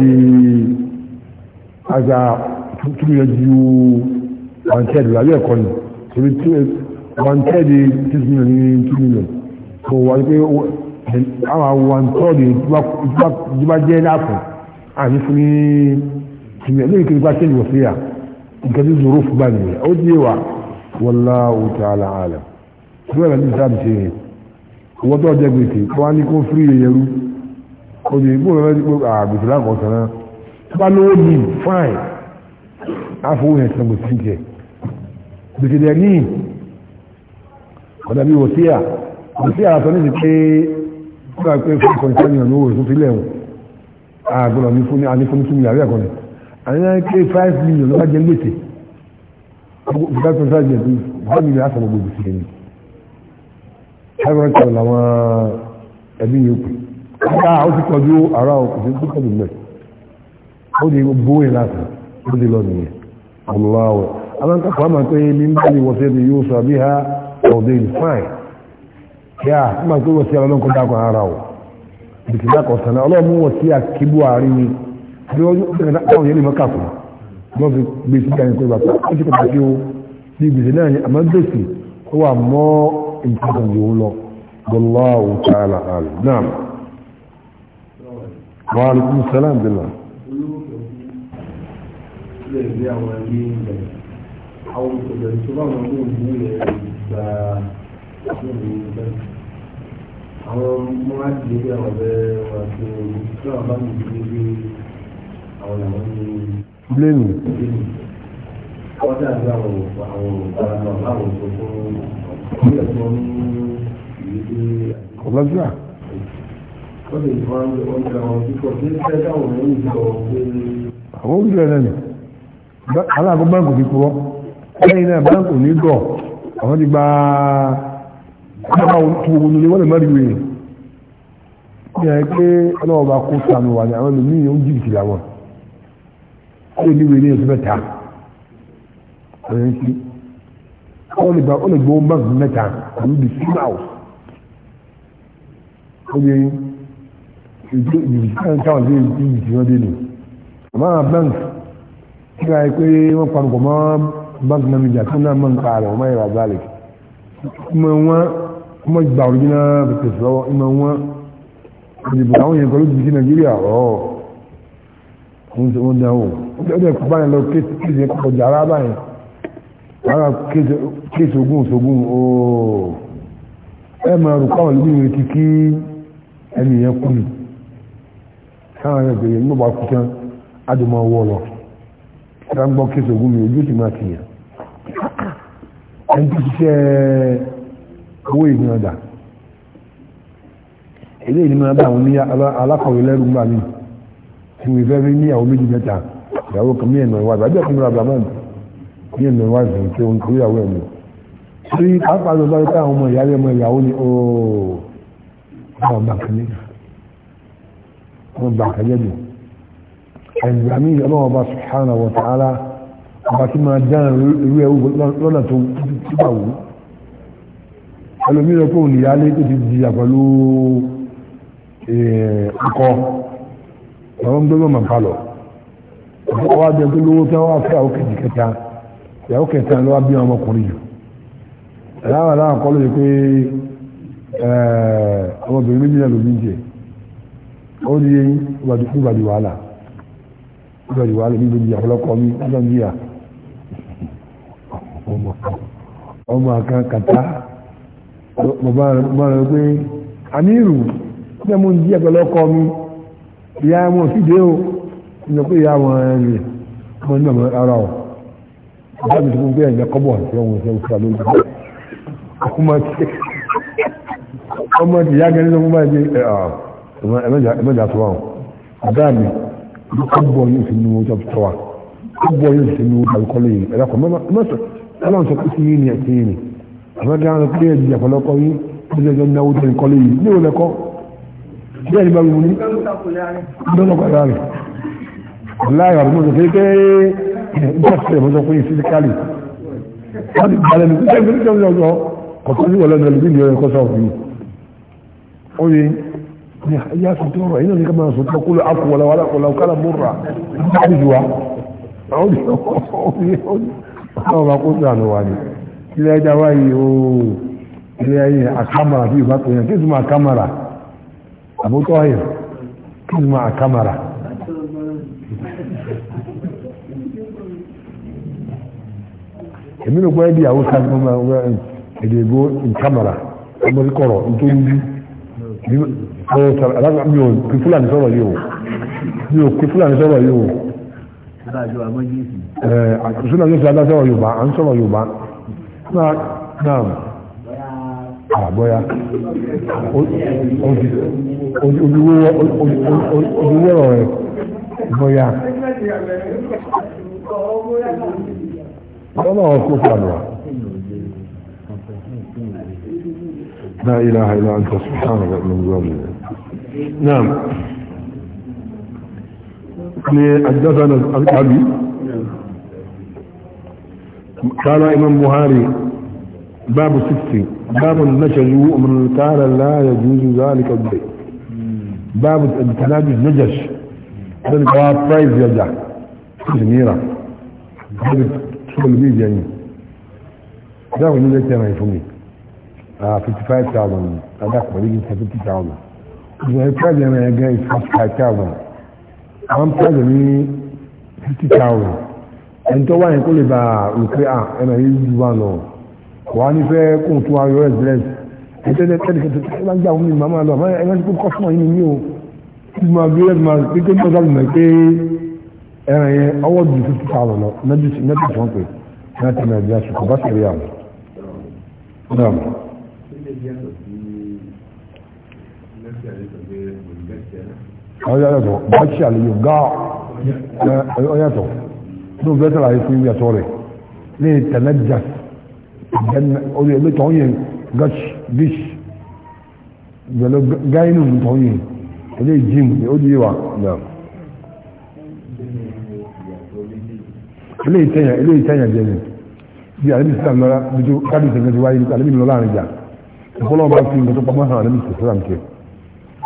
àgbà two million ju one third lọ àbí ẹ̀kọ́ ni torí one third six million ní two million so wà pé àwọn awò one third ìjọba jẹ́ láàpù àní fún ní tìmẹ̀ lóyún kiri pàṣẹ ìwọ̀ sí à nǹkan tí zoro fún bá nìyẹn ó di wa wallahu ta'ala alam bí wọ́n ní sáà ṣe yẹn wọ́n tó jẹ́ gbèsè wọ́n á ní kó fírí yẹn rú ó di bó bẹ́ẹ̀ bó àgbèsè láǹkọ̀ sọ̀rọ̀ tó bá lówó ní fáìn àfọwọ́ yẹn sọ̀rọ̀ gbèsè jẹ gbèsè dẹ̀ ní ọ̀dà bí wọ́n sí à wọ́n sí àtọ́ ní ti pé wọ́n á pé fún ìkọ̀ǹtẹ́nì ọ̀nà òwò ìfúnfilẹ̀ wọn àgbọ̀nà ní fún ní ànífúnnífúnni àríyàkọ̀ni àyàn ké five million ló bá jẹ gbèsè five point five million five gbogbo sí ẹni five hundred thousand àwọn ẹbí yòókù ká ó ti tọ́jú ara òkùnkùn tó tọ́jú mẹ́rin ó di gbogbo yẹn láti ó di lọ bi ha ara bí wọ́n táwọn yẹn lè mọ́kà fún wọ́n fi gbèsè kan ìkó ìbàtà wọ́n ti kọ̀ pàṣẹ o bí gbèsè náà ni àmọ́ gbèsè ó wà mọ́ ìpàdàn yòó lọ wallahu ta'ala alim naam wa alaikum salam àwọn ẹbí ilẹ̀ àwọn bí àwọn ọ̀bẹ wà tí wọ́n bá ní ìdílé bléèmù. ọlọ́jọ́ à. àwọn ojú ẹ̀ lẹ́nu aláàkó báńkù ti kúrọ́ lẹ́yìn náà báńkù ní gọ̀ àwọn ti gba àwọn tuwogbo nílé wọ́n lè má rí wèé ní ẹ̀ pé ọlọ́wọ́ bá kó sànù wà ní àwọn ẹlòmíì ó jìbìtì làwọn ó ní wèrè oṣù mẹ́ta ọ̀rẹ́ sí ó lè gbọ́ báńkì mẹ́ta pẹ̀lú the same house ó yẹ ìjọ ìjìkáyọ̀ táwọn ṣe ń jì wọ́n dé nù àmọ́ báńkì kí wáyé pé wọ́n panupọ̀ mọ́ báńkì náà mi jà tó náà mọ̀ nípa rẹ̀ wọ́n máa yẹra báàlẹ̀ ìmọ̀ wọn ọmọ ìgbà òrìjìnà pẹ̀tẹ̀ sọ́wọ́ ìmọ̀ wọn ìdìbò àwọn yẹn kọ́ ti di Nàìjíríà ọ̀ọ́ oúnjẹ oúnjẹ o ọdẹ báyìí lọ kéèsì ọjà ara báyìí ara kéèsì ogun òṣogun ooo ẹ máa rò káwọn lóbi ìrètí kí ẹnì yẹn kú ni káwọn yẹn bèrè nígbà bá kú tán ádùn máa wọ lọ ká ń gbọ́ kéèsì ogun mi ojú sì máa tìyàn ẹni tó ṣiṣẹ́ owó ìgbìyànjú eléyìí ni máa bá àwọn oníyà alákọ̀wé lẹ́rù gbà mí tí wọ́n fẹ́ rí ní àwọn méjì mẹ́ta ìyàwó kan mí ẹ̀nà ìwádìí àbí ọkùnrin abdulhamid mí ẹ̀nà ìwádìí tí wọ́n kó ìyàwó ẹ̀mí. torí pàápàá ló bá rí pé àwọn ọmọ ìyá rẹ̀ ọmọ ìyàwó ni ooo wọ́n bá kẹ́lé wọ́n bá kẹ́lé bò. àìsàmì ọlọ́wọ́ bá subhanahu wa ta'ala ọba tí máa dáná irú ẹ̀wù lọ́nà tó bá wù ẹlòmíràn kò ní ìyá lé tó ti di àpẹ̀lú eh, àwọn ń gbẹ́gbẹ́ màá lọ ọ̀pọ̀ wa jẹ́ pé lówó tí wọ́n wá fẹ́ àwọn kejì kẹta ìyàwó kẹta ló wá bí wọn ọmọkùnrin jù aláwọ̀ aláwọ̀ kọ́ ló yẹ pé ọmọbìnrin méjì náà ló bí ń jẹ ó ní ìbàdí wàhálà ìbàdí wàhálà níbi ìyà ọlọ́kọ mi ọjọ́ ọmọ àkàn kàtá bàbá rẹ̀ pé àmì ìrù ọjọ́ mú ń jí mi ìyá wọn sì dé o ìyá pé ìyá wọn rẹ̀ wọn ní àwọn ará o ọjọ́ mi ti fún pé ẹ̀jẹ̀ kọ́bọ̀ àti ọ̀hún ṣe ń fà lórí ọmọ ti yá gẹ́gẹ́ lọ́mọ báyìí pé ẹ̀mẹ́jà tó wà o àbá mi kọ́bọ̀ yóò fi nu ọjọ́ tó wà kọ́bọ̀ yóò fi nu àlùkọ́ lè yìí ẹ̀dá kan mọ́tò ọlọ́run sọ pé sí yìí ni ẹ̀sìn yìí ni àmọ́ dáhùn pé ẹ̀jẹ̀ àpọ̀lọpọ̀ yìí ó ti ẹjọ́ náwó tó ń kọ́ yìí ní òun lẹ́kọ́ bí ẹni bá wù ní lọ́nàkọ̀lá rẹ̀ láyọ̀ àrùn mọ́sọ̀ pé pé ìjọ́sẹ̀ mọ́sọ̀ pé fíṣíkálì wọ́n ti balẹ̀ ní pípẹ́ ìgbésẹ̀ ìjọ́ ọjọ́ kọ̀tọ́ sí wọlé ọ̀nà ìlú ẹ̀kọ́ sọ fún mi ó yẹ ní ayé àsọtọ́ ọ̀rọ̀ yìí náà ní ká máa sọtọ́ kúlọ̀ akọ̀wọ̀lá wàlá kọ̀lá ọ̀kálà mọ́ra ìjọ́ àwọn akóso àná wa ni ilé ẹja wáyé ó ilé ayé àkámàrà bí ìbá tó yẹn kí أبو طاهر كان مع كاميرا èmi ló gbọ́dọ̀ bí àwòsàn ní ọmọ ọmọ èdè ìbò nkàmàrà ọmọ ìkọrọ ntòlùbí ọwọ́ sọ̀rọ̀ alága mi ò kí fúlàní sọ̀rọ̀ yìí o mi ò kí fúlàní sọ̀rọ̀ yìí o. ẹ àtúnṣe náà yóò fi adá sọ̀rọ̀ yorùbá à ń sọ̀rọ̀ yorùbá náà náà. àgbọ́yá rẹ̀ bọ́yá ọkọ̀ لا إله إلا أنت سبحانك من ظلم نعم حدثنا الأبي قال إمام بهاري باب 60 باب النجس من قال لا يجوز ذلك البيع باب التلاجس نجس هذا الجواب برايز يرجع جميرة هذا شغل ميز يعني ده هو اللي كان يفهمني اه 55000 هذاك ما يجي 70000 إذا كان أنا جاي 55000 أنا بتعلمني 50000 أنت وين كل بقى القراءة أنا يجي وانا wàá ní fẹ́ kóun tún ayọ̀ rẹ̀ sílẹ̀ ẹ̀tẹ́lẹ̀ tẹ́lẹ̀kẹ́tẹ́ tó bá ń gbà wọ́n mi màmá lọ àmọ́ ẹ̀rọ tó kọ́ fún ọ̀yìn o tí mo gbé ẹ̀rọ máa pé kéjọ́ sábà mọ̀ pé ẹran yẹn ọwọ́ ju fifty thousand lọ mẹ́tì tí wọ́n pè ní àti ẹ̀rọ ìdíyà ṣùkọ́ bá tẹ̀lé àwọn. àwọn yàtọ̀ báṣì àlejò gáà ọ̀yàtọ̀ tó bẹ́ẹ̀ tẹ̀lé àyè fún ìyàtọ̀ rẹ̀ ní ìtẹ̀lẹ́jà ìgbẹ́ni orí ẹgbẹ́ tó ń yẹn gach dish ìgbẹ́lẹ́ gáínù tó ń yẹn ilé jim ni ó di wa náà ilé ìtẹ̀yà ilé ìtẹ̀yà jẹ́ ni bí alẹ́ bí sísan lọ́la bí tó káàdì ìtẹ̀yà ti wáyé alẹ́ bí lọ́la àrùn jà ìfọlọ́ bá fi nǹkan tó pamọ́ hàn alẹ́ bí sísan lọ́la kẹ́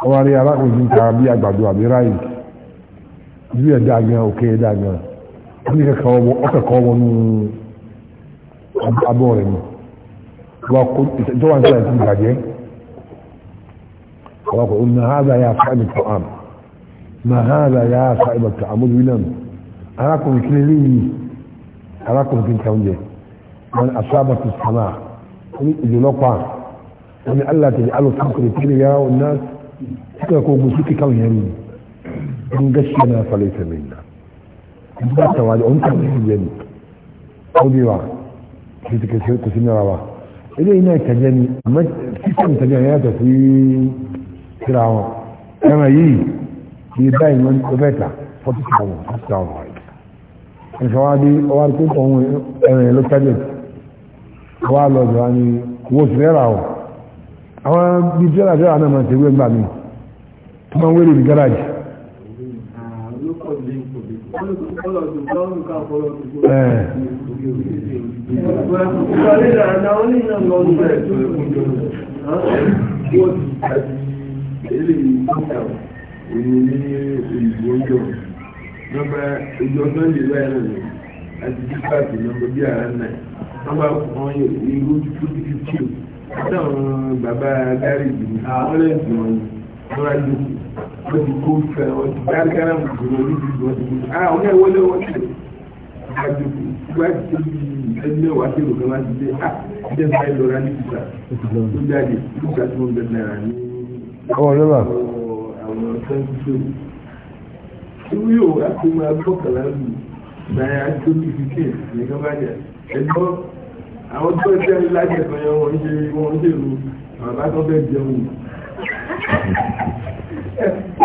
ọwọ́ arí alákòóso nǹkan bí àgbàdo àbí ráyì bí ẹ̀dá gan òkè ẹ̀dá gan ó ní kẹ́kọ̀ọ́ ọkọ̀ ọ̀wọ́ nù abọ́ rẹ̀ ni ìjọba ń sọ̀rọ̀ ìtìlú ìbàjẹ́ ọ̀pọ̀ ọ̀nà hàzà yà fàìbì tó àm na hàzà yà fàìbì tó àmójú william arákùnrin kí lélẹ́ yìí arákùnrin kí n kà oúnjẹ wọn asábà tó sàmà ní ìjọlọ́pàá wọn ni allah tẹ̀lé alo kankiri kí lè yà ọ̀nà kíkà kó gbó sí kíkà òyìn ẹni ń gẹ́sì náà falẹ̀ ìfẹ̀mẹ̀ ìgbà ìgbà tàwádìí ọ̀nkà òyìn ẹni títí kẹsí kò sí nira wa ilé iná ìtẹ̀jẹ́ ni àmọ́ sísẹ́mù ìtẹ̀jẹ́ yẹn yàtọ̀ sí síra wọn ẹran yìí iye báyìí wọn ó bẹ́ẹ̀ ta forty thousand forty thousand nǹkan wa bí ọwọ́ àti pípọ̀ ohun ẹran yẹn ló tẹ́lẹ̀ wọ́n á lọ jọ wani wo sì rẹ́ra o àwọn bí jẹ́ra jẹ́ra náà máa tẹ̀wé ńgbà mi tó máa ń wéré ní gáràjì. Nọmba ìjọ Sọ́ndé báyìí náà ni àti dípàtì nọmba bíi àrà náà. Nọmba wọn yóò ní irú tó ti bàbá gáréjì ni àwọn lẹ́sìn wọn ni wọ́n á wọ́n ti kó fẹ́ wọ́n ti dáríkárà mùsùlùmí wọ́n ti kó fẹ́. Àwọn ẹ̀wọ́lẹ́wọ́lẹ́ wọ́n ti dájú kù wájú ẹgbẹ́ wa ṣe òkè wájú pé a jẹ́ o ẹ lọ́ra ní ìgbà tó jáde nígbà tí wọ́n bẹ̀rẹ̀ náírà ní àwọn twenty two. Irú yóò wá sí máa gbọ́kànlá lù náírà tó bí fifteen ní kábàjẹ́ ẹ̀gbọ́n àwọn tó ẹgbẹ́ lájẹ̀ kan yẹn wọ́n ṣe wọ́n ṣe lu bàbá tó fẹ́ jẹun.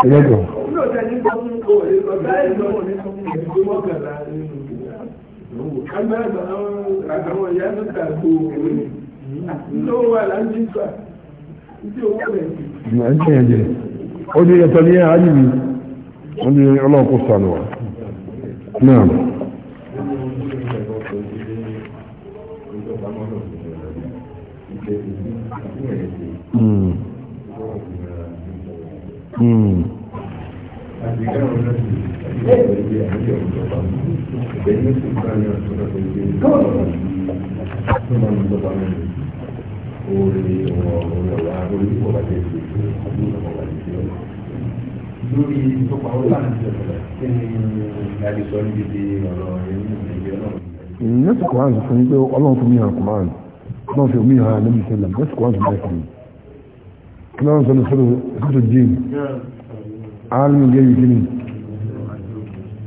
Ẹgbẹ́ jọ. Ọ̀gbọ́n ọ̀gá ní sọ́kùn kò wọlé ọ̀gá ẹ̀ lọ́wọ́ ní kò wọlé mọ́kànlá nínú. onye àtàwọn ìyá tó tàkó òwe tó wà láńtífà Mm. lórí tó pa ọ́ láti ṣẹlẹ̀ kí ni ìgbàlejò ń bíbi ọ̀rọ̀ ẹ̀yìn ìgbàlejò náà. Nẹ́sì kò hàn fún pé ọlọ́run fún mi hàn kùmán, ọlọ́run fún mi hàn níbi ìṣẹ̀lẹ̀, nẹ́sì kò hàn fún mi hàn. Kí ló ń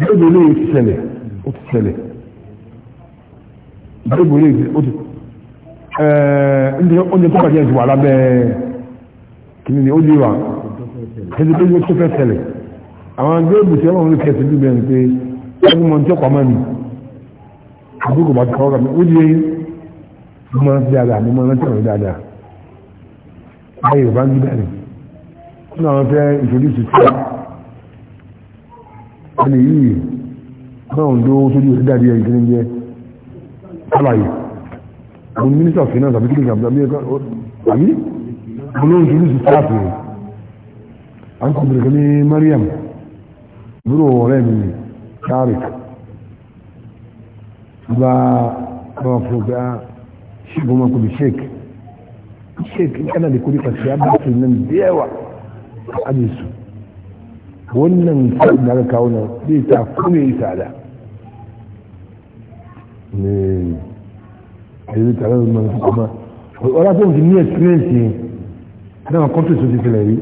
bẹ́ẹ̀bù lè ti ṣẹlẹ̀ ó ti ṣẹlẹ̀ bẹ́ẹ̀bù lè ó ti eh, oúnjẹ tó bàjẹ́ ìwà lábẹ́ kìíní ni ó lè wà kẹsì pé ó otu fẹ́ ṣẹlẹ̀ àwọn bẹ́ẹ̀bù tí wọ́n lè kẹsì bí bẹ́ẹ̀ pé ẹgbẹ́ mọ̀ tí ó pamọ́ ni àbúkù bá ti kọ́ ọ́gà mi ó di mo máa ń ti dáadáa mo máa ẹni yìí báwọn ló tójú sí dáadé ẹ̀yìn kìíní jẹ́ àlàyé àwọn mínísítà finance àbí kílíkà àbí àbí olóhùn tójú sí sáàpù rẹ̀ à ń kọ́ bẹ̀rẹ̀ kan ní Mariam búrò ọ̀rẹ́ mi ah, ni Tariq bá bá fún gbá ṣíkò máa kò bí sheik sheik kana da kuri kasi ya ba su nan da yawa a su wannan kai da aka zai ta kuma yi tsada ne a yi tare da mana kuma wala tó ń fi ní experience yẹn náà wọn kọ́ńtò tó ti fẹlẹ̀ rí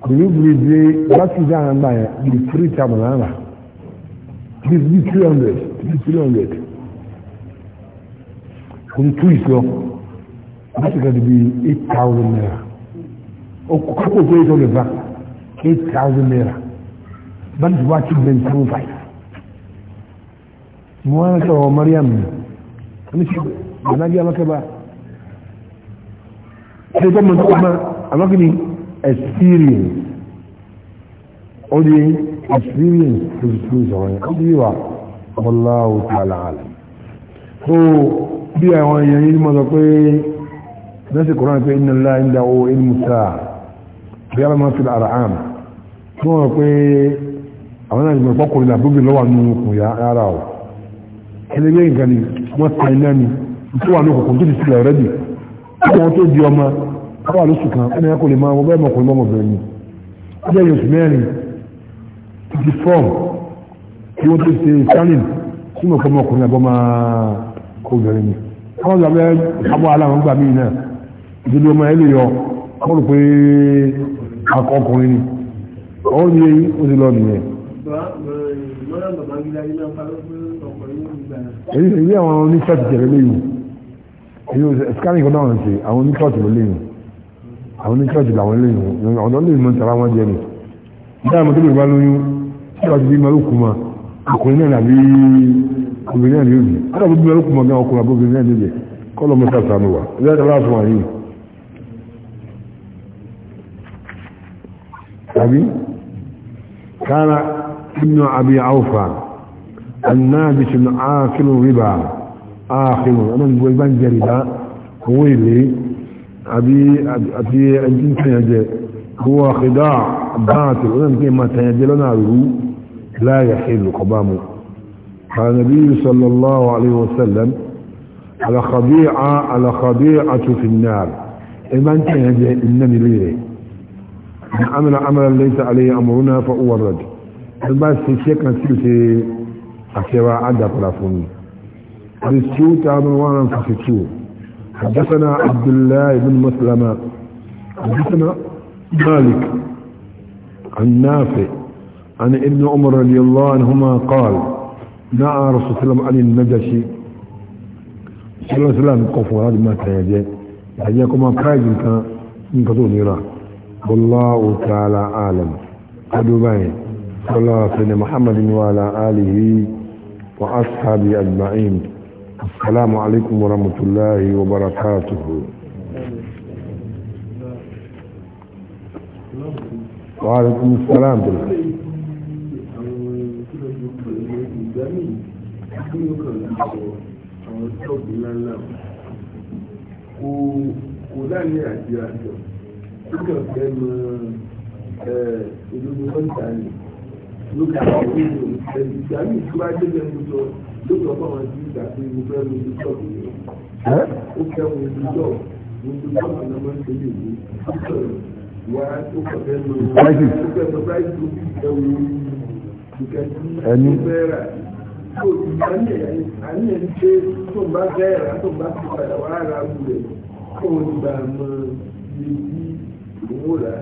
kòlí bìrì dé láti dá àwọn àgbà yẹn bíi three thousand naira bíi bíi three hundred bíi three hundred kò ní two ìsọ láti kàdé bíi eight thousand naira ó kọ́kọ́ tó eight hundred back. 8,000 naira ban su ba ci bin sun fai mu wani tsawo maryam ne wani shi ba na biya maka ba sai ta mutu kuma a magani experience audience experience to the truth of it audiwa wallahu ta'ala alam so bí àwọn èèyàn yìí mọ̀ sọ pé lẹ́sìn kọ́nà pé inna Allah indahu ilmu sa'a bí a fi àrà tí wọ́n pé àwọn náà ìgbìmọ̀ pọ́kùnrin làbúgbì lọ́wọ́ nínú okùn ya ara ọ̀ ẹlẹ́gbẹ́ nǹkan ni wọ́n ta iná ni tó wà ní okùn tó ti sílẹ̀ rẹ́dì wọ́n tó di ọmọ káwà lóṣù kan ẹni kò lè máa wọ́n bẹ́ẹ̀ mọ̀kùnrin mọ́ ọmọbìnrin ni ọjọ́ yóò mẹ́rin ti fọ́ọ̀m tí wọ́n tó ṣe scanning tí mo kọ́ mọ́kùnrin àbọ́ máa kó obìnrin ni wọ́n lọ bẹ́ abọ́ aláwọn gbà míì náà ìdílé ọmọ ẹ lè yọ wọ́n rò pé akọkùnrin ni ó ní eyín ó ti lọ nìyẹn. èyí èyí àwọn oníṣẹ́ọ̀tì jẹ̀rẹ̀ léyìn èyí scanning kan dáhùn sí àwọn oníṣẹ́ọ̀tì ló léyìn àwọn oníṣẹ́ọ̀tì làwọn léyìn ọ̀dọ́ lè mọ tara wọn jẹ ni. ìyá tó lè bá lóyún tí wàá ti náà obìnrin náà ọkùnrin àbí obìnrin náà كان ابن أبي عوفا النابش اكل الربا آخر أنا نقول بان جربا هو اللي أبي أبي أنتين هو خداع باطل أنا نقول ما تنجي لنا لا يحل قبامه قال النبي صلى الله عليه وسلم على خديعه على خديعه في النار إما أنت هذه إنني ليه من عمل عملا ليس عليه أمرنا فهو الرد بس الشيخ نسيوتي أكيرا عدى قلافوني رسيو تعمل وانا فسيتو حدثنا عبد الله بن مسلمة حدثنا مالك عن نافع عن ابن عمر رضي الله عنهما قال نعى رسول الله عن النجشي صلى الله عليه وسلم قفوا هذه ما تهيجي هيجيكم ما كايجي كان من كتون يراك والله تعالى أعلم أدبين صلى الله عليه محمد وعلى آله وأصحابه أجمعين السلام عليكم ورحمة الله وبركاته وعليكم السلام kò láàrin àti àjọ lókè ọ̀fẹ́ mọ ìlú mọ́tà ni lókè ọ̀fẹ́ mọ ẹ̀dùn ìdáhùn ìtura jẹ́jẹ́ mi sọ lókè ọ̀fẹ́ wọn ti gbà pé mo fẹ́ mi ní sọ́ọ̀bù yẹn ó fẹ́ mi ní sọ́ọ̀bù mo ti sọ́ọ̀bù náà máa ń tẹ̀lé mi wá ó fẹ́ mọ ó fẹ́ mọ ó fẹ́ rà tó ti bá ní ẹ̀yìn tó ń bá fẹ́ rà tó ń bá fi padà wá ra wù rẹ̀ kó o ti bá a mọ iye owó rà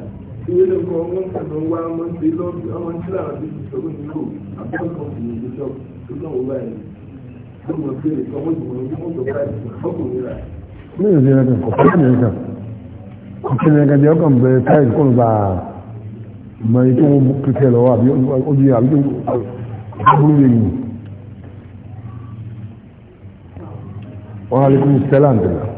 ìwé ló kọ́ wọ́n kàn ń wá ọmọ ṣe lọ́dún ọmọ tí làwọn ti fi sọ̀rọ̀ nílò àbúrò kan sì ní ìjọ tó náà wọ́n báyìí ló mọ̀ pé ìkọ́ wọ́n jùlọ ní mọ́tò báyìí ọkùnrin rà. mi ò ṣe ẹ̀kan kí ni ẹ̀kan kò kí ni ẹ̀kan jẹ́ ọkàn bẹ̀rẹ̀ táyì kó ló bá mọ ètò wọn kíkẹ́ lọ́wọ́ àbí ojú àbí àbúrò yẹn ni. wàhálà kúrú sẹ́lá ń tẹ̀lé.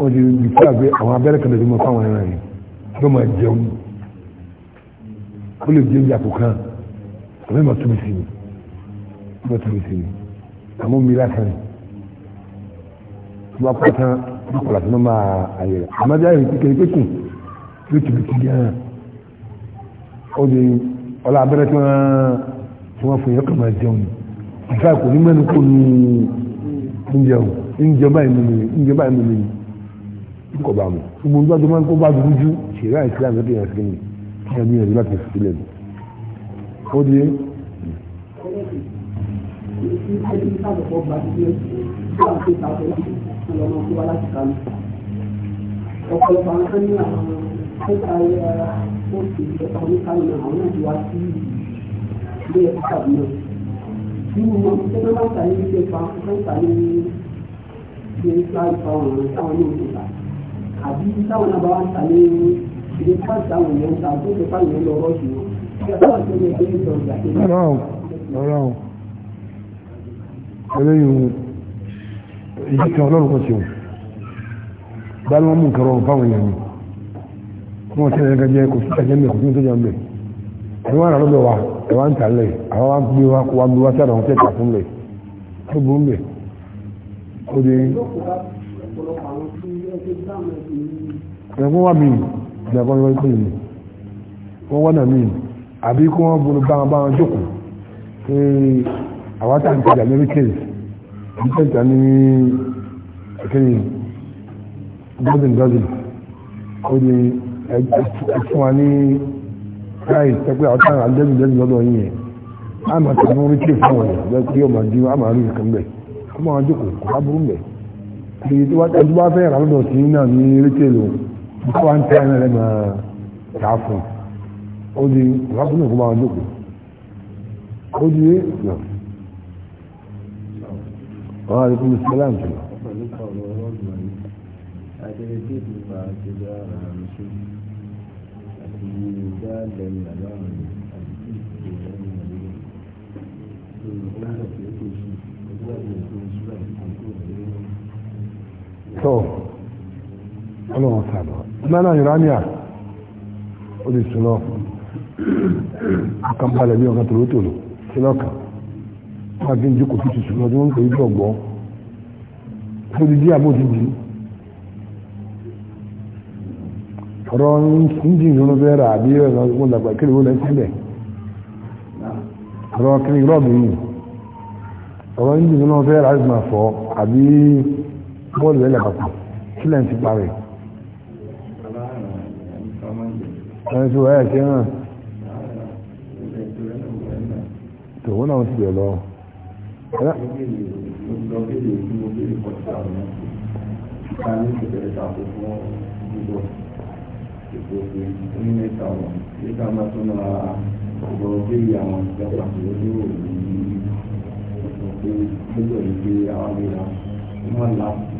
wọ́n ti di fún àgbẹ̀ àwọn abẹ́rẹ́ kan lè mọ fáwọn ẹran yìí ló máa jẹun ó lè jẹun yàtò kan àbẹ́ máa tóbi sí i máa tóbi sí i àmọ́ mi lásán ni wọ́n á pọ̀ tán wọ́n kọ̀ láti máa àyè rẹ̀ àmọ́dé àyè kékeré kékun ló ti bí ti di hàn ó di ọlá abẹ́rẹ́ tí wọ́n tí wọ́n fún yẹn kàn máa jẹun ìfẹ́ kò ní mẹ́nu kò ní ń jẹun ń jẹun báyìí mímu ń jẹun báyìí mímu yìí kò bá mu gbogbo ìgbàdo máa ń kó bá dúró ju ṣèlá ìsìlámù tó kéèyàn sí ni kí ẹ gbìyànjú láti fi sílẹ̀ nù. ó di. ọ̀pọ̀lọpọ̀ àwọn kan ní àwọn ẹ̀ka ẹ̀ka oṣù ẹ̀ka oníkanu náà àwọn náà ti wá sí ilé ẹ̀ka tàbí náà. bí mo mọ ẹgbẹ́ máa ń tà ní ilé ẹ̀ka máa ń tà ní ilé ẹ̀ka ìfọwọ́n táwọn ní òṣèlú àbí táwọn náà bá wá ń ta ní ilé pàṣẹ àwọn èèyàn ta tó ṣe fáwọn èèyàn lọ rọ́ọ̀ṣù wọn. Rárá o, rárá o, eléyìí ìjì kan ọlọ́run kan ṣe o, bá ló ń mú nǹkan rọrùn fáwọn èèyàn ni, wọ́n ti rẹ̀ gẹ́gẹ́ kò sí ẹ̀jẹ̀ mẹ́ kò sí tó jẹ́ mẹ́. Àwọn ará lọ́dọ̀ wa, ẹ̀ wá ń tà lẹ̀, àwọn wa ń gbé wa wá gbé wa sára wọn tẹ̀ tà fún lẹ̀, tó burú mẹ́. Ó di. Ọ̀pọ̀lọpọ̀ àwọn tí ẹ̀kọ́ wà míì ìjàkọ́ ìwọ́n pè mí wọ́n wọ́n náà míì àbí kí wọ́n bolo báwọn báwọn jókòó pé àwọn tá à ń tajà lórí kéèlì ń tẹ̀jà ní kéèlì dọ́sìn dọ́sìn ó di ẹ̀tún wa ní káyì pẹ́pẹ́ àwọn tá à ń dẹ́sìn dẹ́sìn yìí yẹn a máa tẹ̀lé orí kéèlì fún wọn yẹn lọ́pẹ́ yóò máa di wọn a máa rí nǹkan bẹ́ẹ̀ kó máa jókòó kó bá burú bẹ́ẹ̀ èyí tí wọ́n bá fẹ́ ràn lọ́dọ̀ sí náà ní rétèlò nípa wá ń tẹ́ ẹ̀rẹ́ lẹ́mọ̀ kàá ó di ìwákùnrin kó máa jókòó ó di é nà wọ́n á rí sílẹ̀ àǹtí lọ. Thank tó ọlọ́run sàlọ́ nánà ìrànìyà ó lè sùnlọ àkànbalẹ̀ bí ọkà tòlótòló sílọ́kà wọ́n fi ń jókòó fi tù sùnlọ tí wọ́n ń pè é bí ọgbọ́n tó di dí àbójútì ọ̀rọ̀ injin ló fẹ́ rà bí ọ̀rọ̀ ìwọ̀n làgbà kí ló lẹ́sí lẹ̀ ọ̀rọ̀ kí ló rọ̀bì yìí ọ̀rọ̀ injin ló fẹ́ rà ìgbà fọ́ àbí bọ́ọ̀lù ẹ̀lẹ̀ bàbá sílẹ̀ ti parí ẹ̀sùn ẹ̀ ti hàn tòun náà ti bẹ̀ lọ Ọgbọ̀n ojú ìyàwó ìjọba ìwọ́dúró ní ọ̀sán pé gbogbo ìgbé àwọn ìlànà wọn láti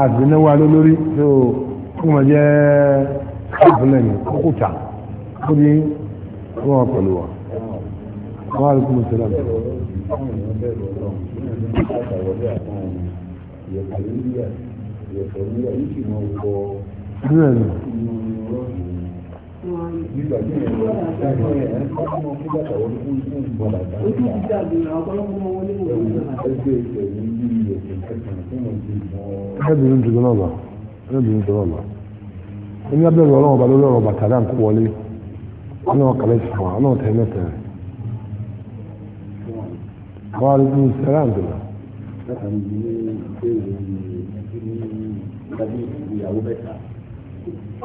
àdínáwà lórí tó kúmọ̀ jẹ́ káàbùlẹ̀mì kókúta ó ní wọ́n pẹ̀lú wa wọ́n rí kúmọ̀ sílẹ̀ Bílẹ̀ ni nígbà tí èèyàn lọ ẹ̀kọ́ yẹn ẹ̀ ń kọ́ ọmọ fún bàtà wọlé fún ìfún ìgbọ̀n tuntun náà bá ẹ̀ẹ́dìrín tuntun náà bá ẹni abẹ́rẹ́ ọlọ́run ọba lórí ọ̀rọ̀ bàtà dáńkú wọlé ọlọ́run kàlẹ́ sí wọn ọlọ́run tẹ́ mẹ́tẹ́ rẹ̀ àwọn arúgbó sẹ́rà ń dùnà.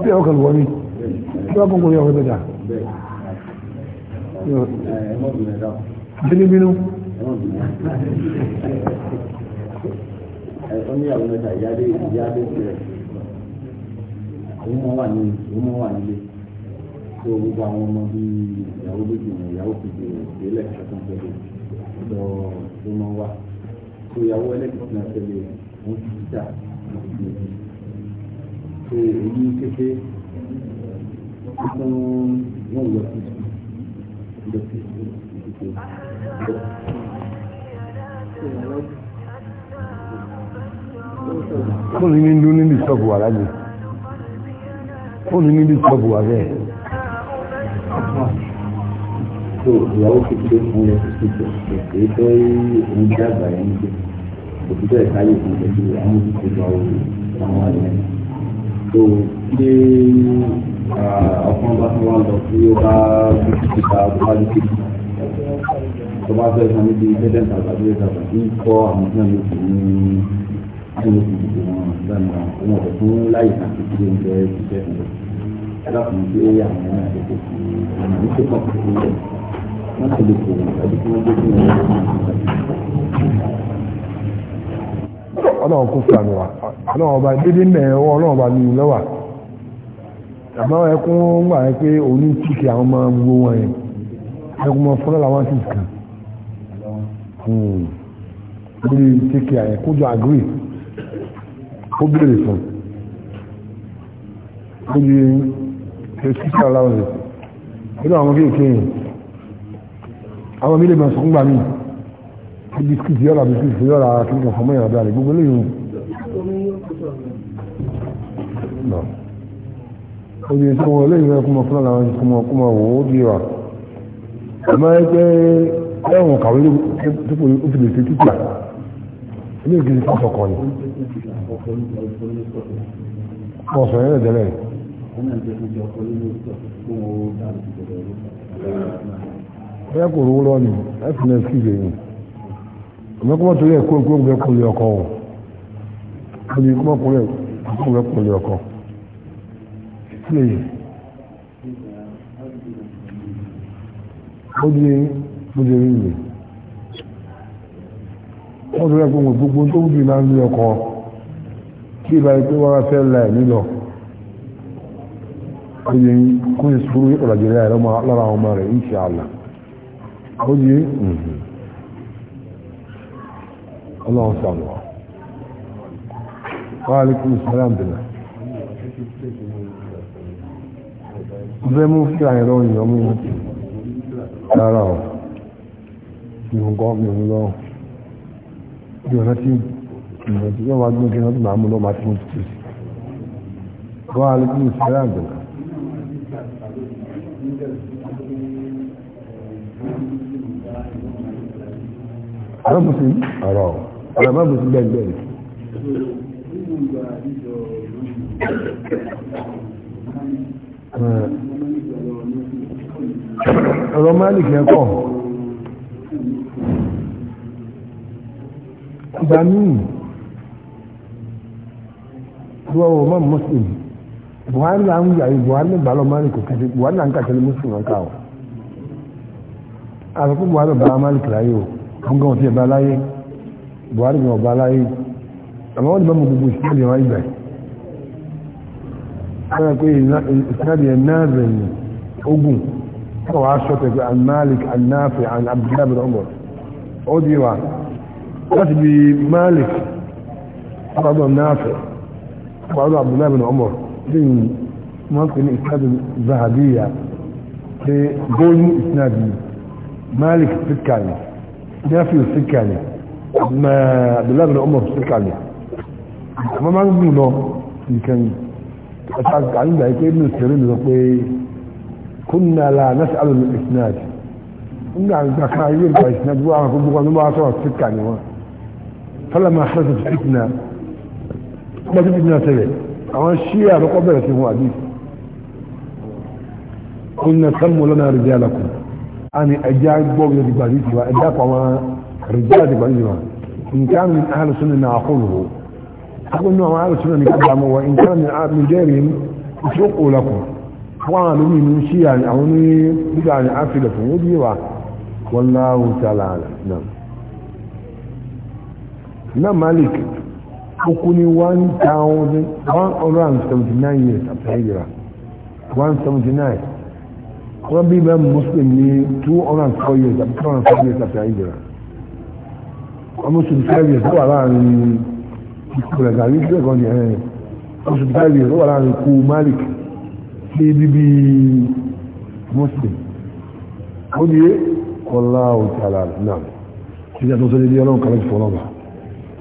bí àwọn kan wọ́n ní tí wọ́n kọ́kọ́ yọ ọ̀rẹ́ bẹ́ẹ̀ dà. bínú bínú. ó ní àwọn mẹ́ta ìyáde ìyáde tirẹ̀ òun mọ́ wà gbogbo àwọn ọmọ bíi ìyàwó méjì ìyàwó kejì ìdílé ẹ̀kọ́tọ̀ọ̀tọ̀ lọ tó máa wà tó ìyàwó ẹlẹ́gbẹ̀ẹ́ náà wọn ti dà tó èyí kékeré fóònù ní ló ní bíṣọ́pù wà lágbè fóònù ní bíṣọ́pù wà bẹ́ẹ̀ tó ìyàwó kékeré fún ẹ sí ìjọ èyí tó rí ohun tí àgbà yẹn ń gbé òtítọ́ ẹ̀ka yìí kò tẹ̀lé àwọn olùkọ́ àwọn àwọn àyẹ̀yẹ tó dé ọ̀kan bá tún wá lọ sí ó bá bíkítà bá bíkítà tó bá fẹ́ san níbi tẹ́tẹ́ tàbá tó yẹ tàbá ń kọ́ àwọn tí wọ́n ti ní àwọn oṣù tó wọn lẹ́nu àwọn ọ̀rọ̀ fún láyé àti tí wọ́n fẹ́ ṣiṣẹ́ fún wọn lákùnrin tí ó yà wọn náà tó kò sí ọ̀nà ní tó kàn fún wọn wọ́n ti lè kó wọn tàbí kí wọ́n gbé fún wọn. ọlọ́run kò fún àmì wa ọlọ́run ọba dédé mẹ́rin ọwọ́ ọlọ́run ọba ní ìlọ́wà àbáwọn ẹkún ń gbà pé òun ní tíìkì àwọn ọmọ gbogbo wọn yẹn ẹkún mọ fúnra làwọn tíìkì kan hmm. lórí tíìkì àyẹn kójọ àgírí ó béèrè fún lórí tíìkì aláwọ̀ rẹ̀ nínú àwọn kéèké yẹn àwọn mílíọ̀nù máa sọkún gbà mí bisikíìtì yọ̀ọ̀la bisikíìtì yọ̀ọ̀la kíkà fọmọ yàrá dáa rẹ̀ gbogbo eléyìí oye tí wọ́n lè rẹ̀ kúmọ̀ fún àwọn ìkúmọ̀ kúmọ̀ wò ó di wa ọmọ ẹgbẹ́ ẹ̀wọ̀n kàwé tó fi lè ṣe títà ilé ìgbìyànjú fún ọkọ̀ ni ọ̀sọ̀ yẹn lẹ̀dẹ̀lẹ̀ ẹ kò rówó lọ ni ẹ fi lè fi lè yìn ọmọ kúmọ̀ torí ẹ̀kọ́ ìkúmọ̀ kúmọ̀ kúmọ̀ ọkọ̀ ọ̀ display ó di bóde rí rè wọ́n tó rẹ́pọ̀ wọn gbogbo tó wùdí máa ń lé ọkọ̀ kí ìbá rí pé wọ́n fẹ́ la ẹ̀mí lọ ó di kó sì sùúrù ọ̀làjẹ̀ rẹ̀ lára àwọn ọmọ rẹ̀ inshallah ó di mhm. ọlọ́run sàlùwà. وعليكم السلام بالله ọ̀fẹ́ mú fíra ẹ̀rọ ìyàn mú rárá ọ̀ ìrùngọ́ ìrùn lọ tí ìrùn tí yọ́ wá gbé kí wọ́n máa mú lọ máa tí mo ti sí wọ́n á lè kí ní sẹ́rà àgbẹ̀kà arábùsí ọ̀rọ̀ arábùsí Eh. ọ̀rọ̀ malik yẹn kọ̀ ìgbà míì duwawo man muslim buhari la ń yàyí buhari ní balọ̀ malik kìí buhari náà ń kàtẹ́lẹ̀ muslim ọ̀ká o àlùkò buhari bá malik láyé o wọ́n gan ọ̀tí ẹ̀ bá láyé buhari ọ̀bá láyé àmọ́ wọ́n gbogbo ìṣẹ́lẹ̀ wọn ibẹ̀ kana kwe isnadi ya nazin ogun ta wa shota fi an malik an nafi an abdullahi da umar odiwa kasi bi malik ta zo nafi ta wa zo abdullahi da umar din mafi ni isnadi zahabiya malik sikka ne nafi sikka ne ma abdullahi da umar sikka ne kuma ma àgbà yìí pé inú ìṣẹ̀rí mi sọ pé kúnnà la nọ́ọ̀sì alùpùpù isnad nígbà àgbà kan ayé ìgbà isnad wọ́n àwọn akókò kan tó bá sọ̀rọ̀ síkà ni wọ́n fọlọ́mà fẹ́sọ̀ fìtìnà ọgbà tó fìtìnà sẹ̀rẹ̀ àwọn ṣíà lọ́kọ́ bẹ̀rẹ̀ sí wọn àbí kúnnà sánmù lọ́nà rìjá lakùn a ní ẹja gbọ́ mi ti gbàdí tiwa ẹja pàwọn rìjá ti gbàdí tiwa nǹkan mi أقول أنه أهل السنة نقدم وإن كان من عاد من غيرهم يسوقوا لكم وعلوا من شيء يعني أعوني بدع عن عافية لكم ودي والله تعالى أعلم نعم نعم مالك أكوني 1179 years after هجرة 179 wọ́n bí bẹ́ẹ̀ muslim ní 204 years after 204 years after hijra ọmọ sùn 5 years wà láàrin ìpìlẹ̀ gàrí ìpìlẹ̀ kan ní ẹ̀ oṣù táìlì ó wà láàrin ikú malik sí bíbí muslim ó ní ọlá òtàlà náà kí ni àtúnṣe ní ọlọ́run kan láti fọlọ́ bá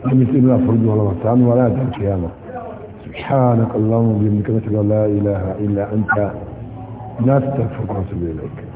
wọ́n mi sí ìlú àforíjì ọlọ́run sàánú wa láti àti àmà سبحانك اللهم وبحمدك نشهد ان لا اله الا انت نستغفرك ونتوب اليك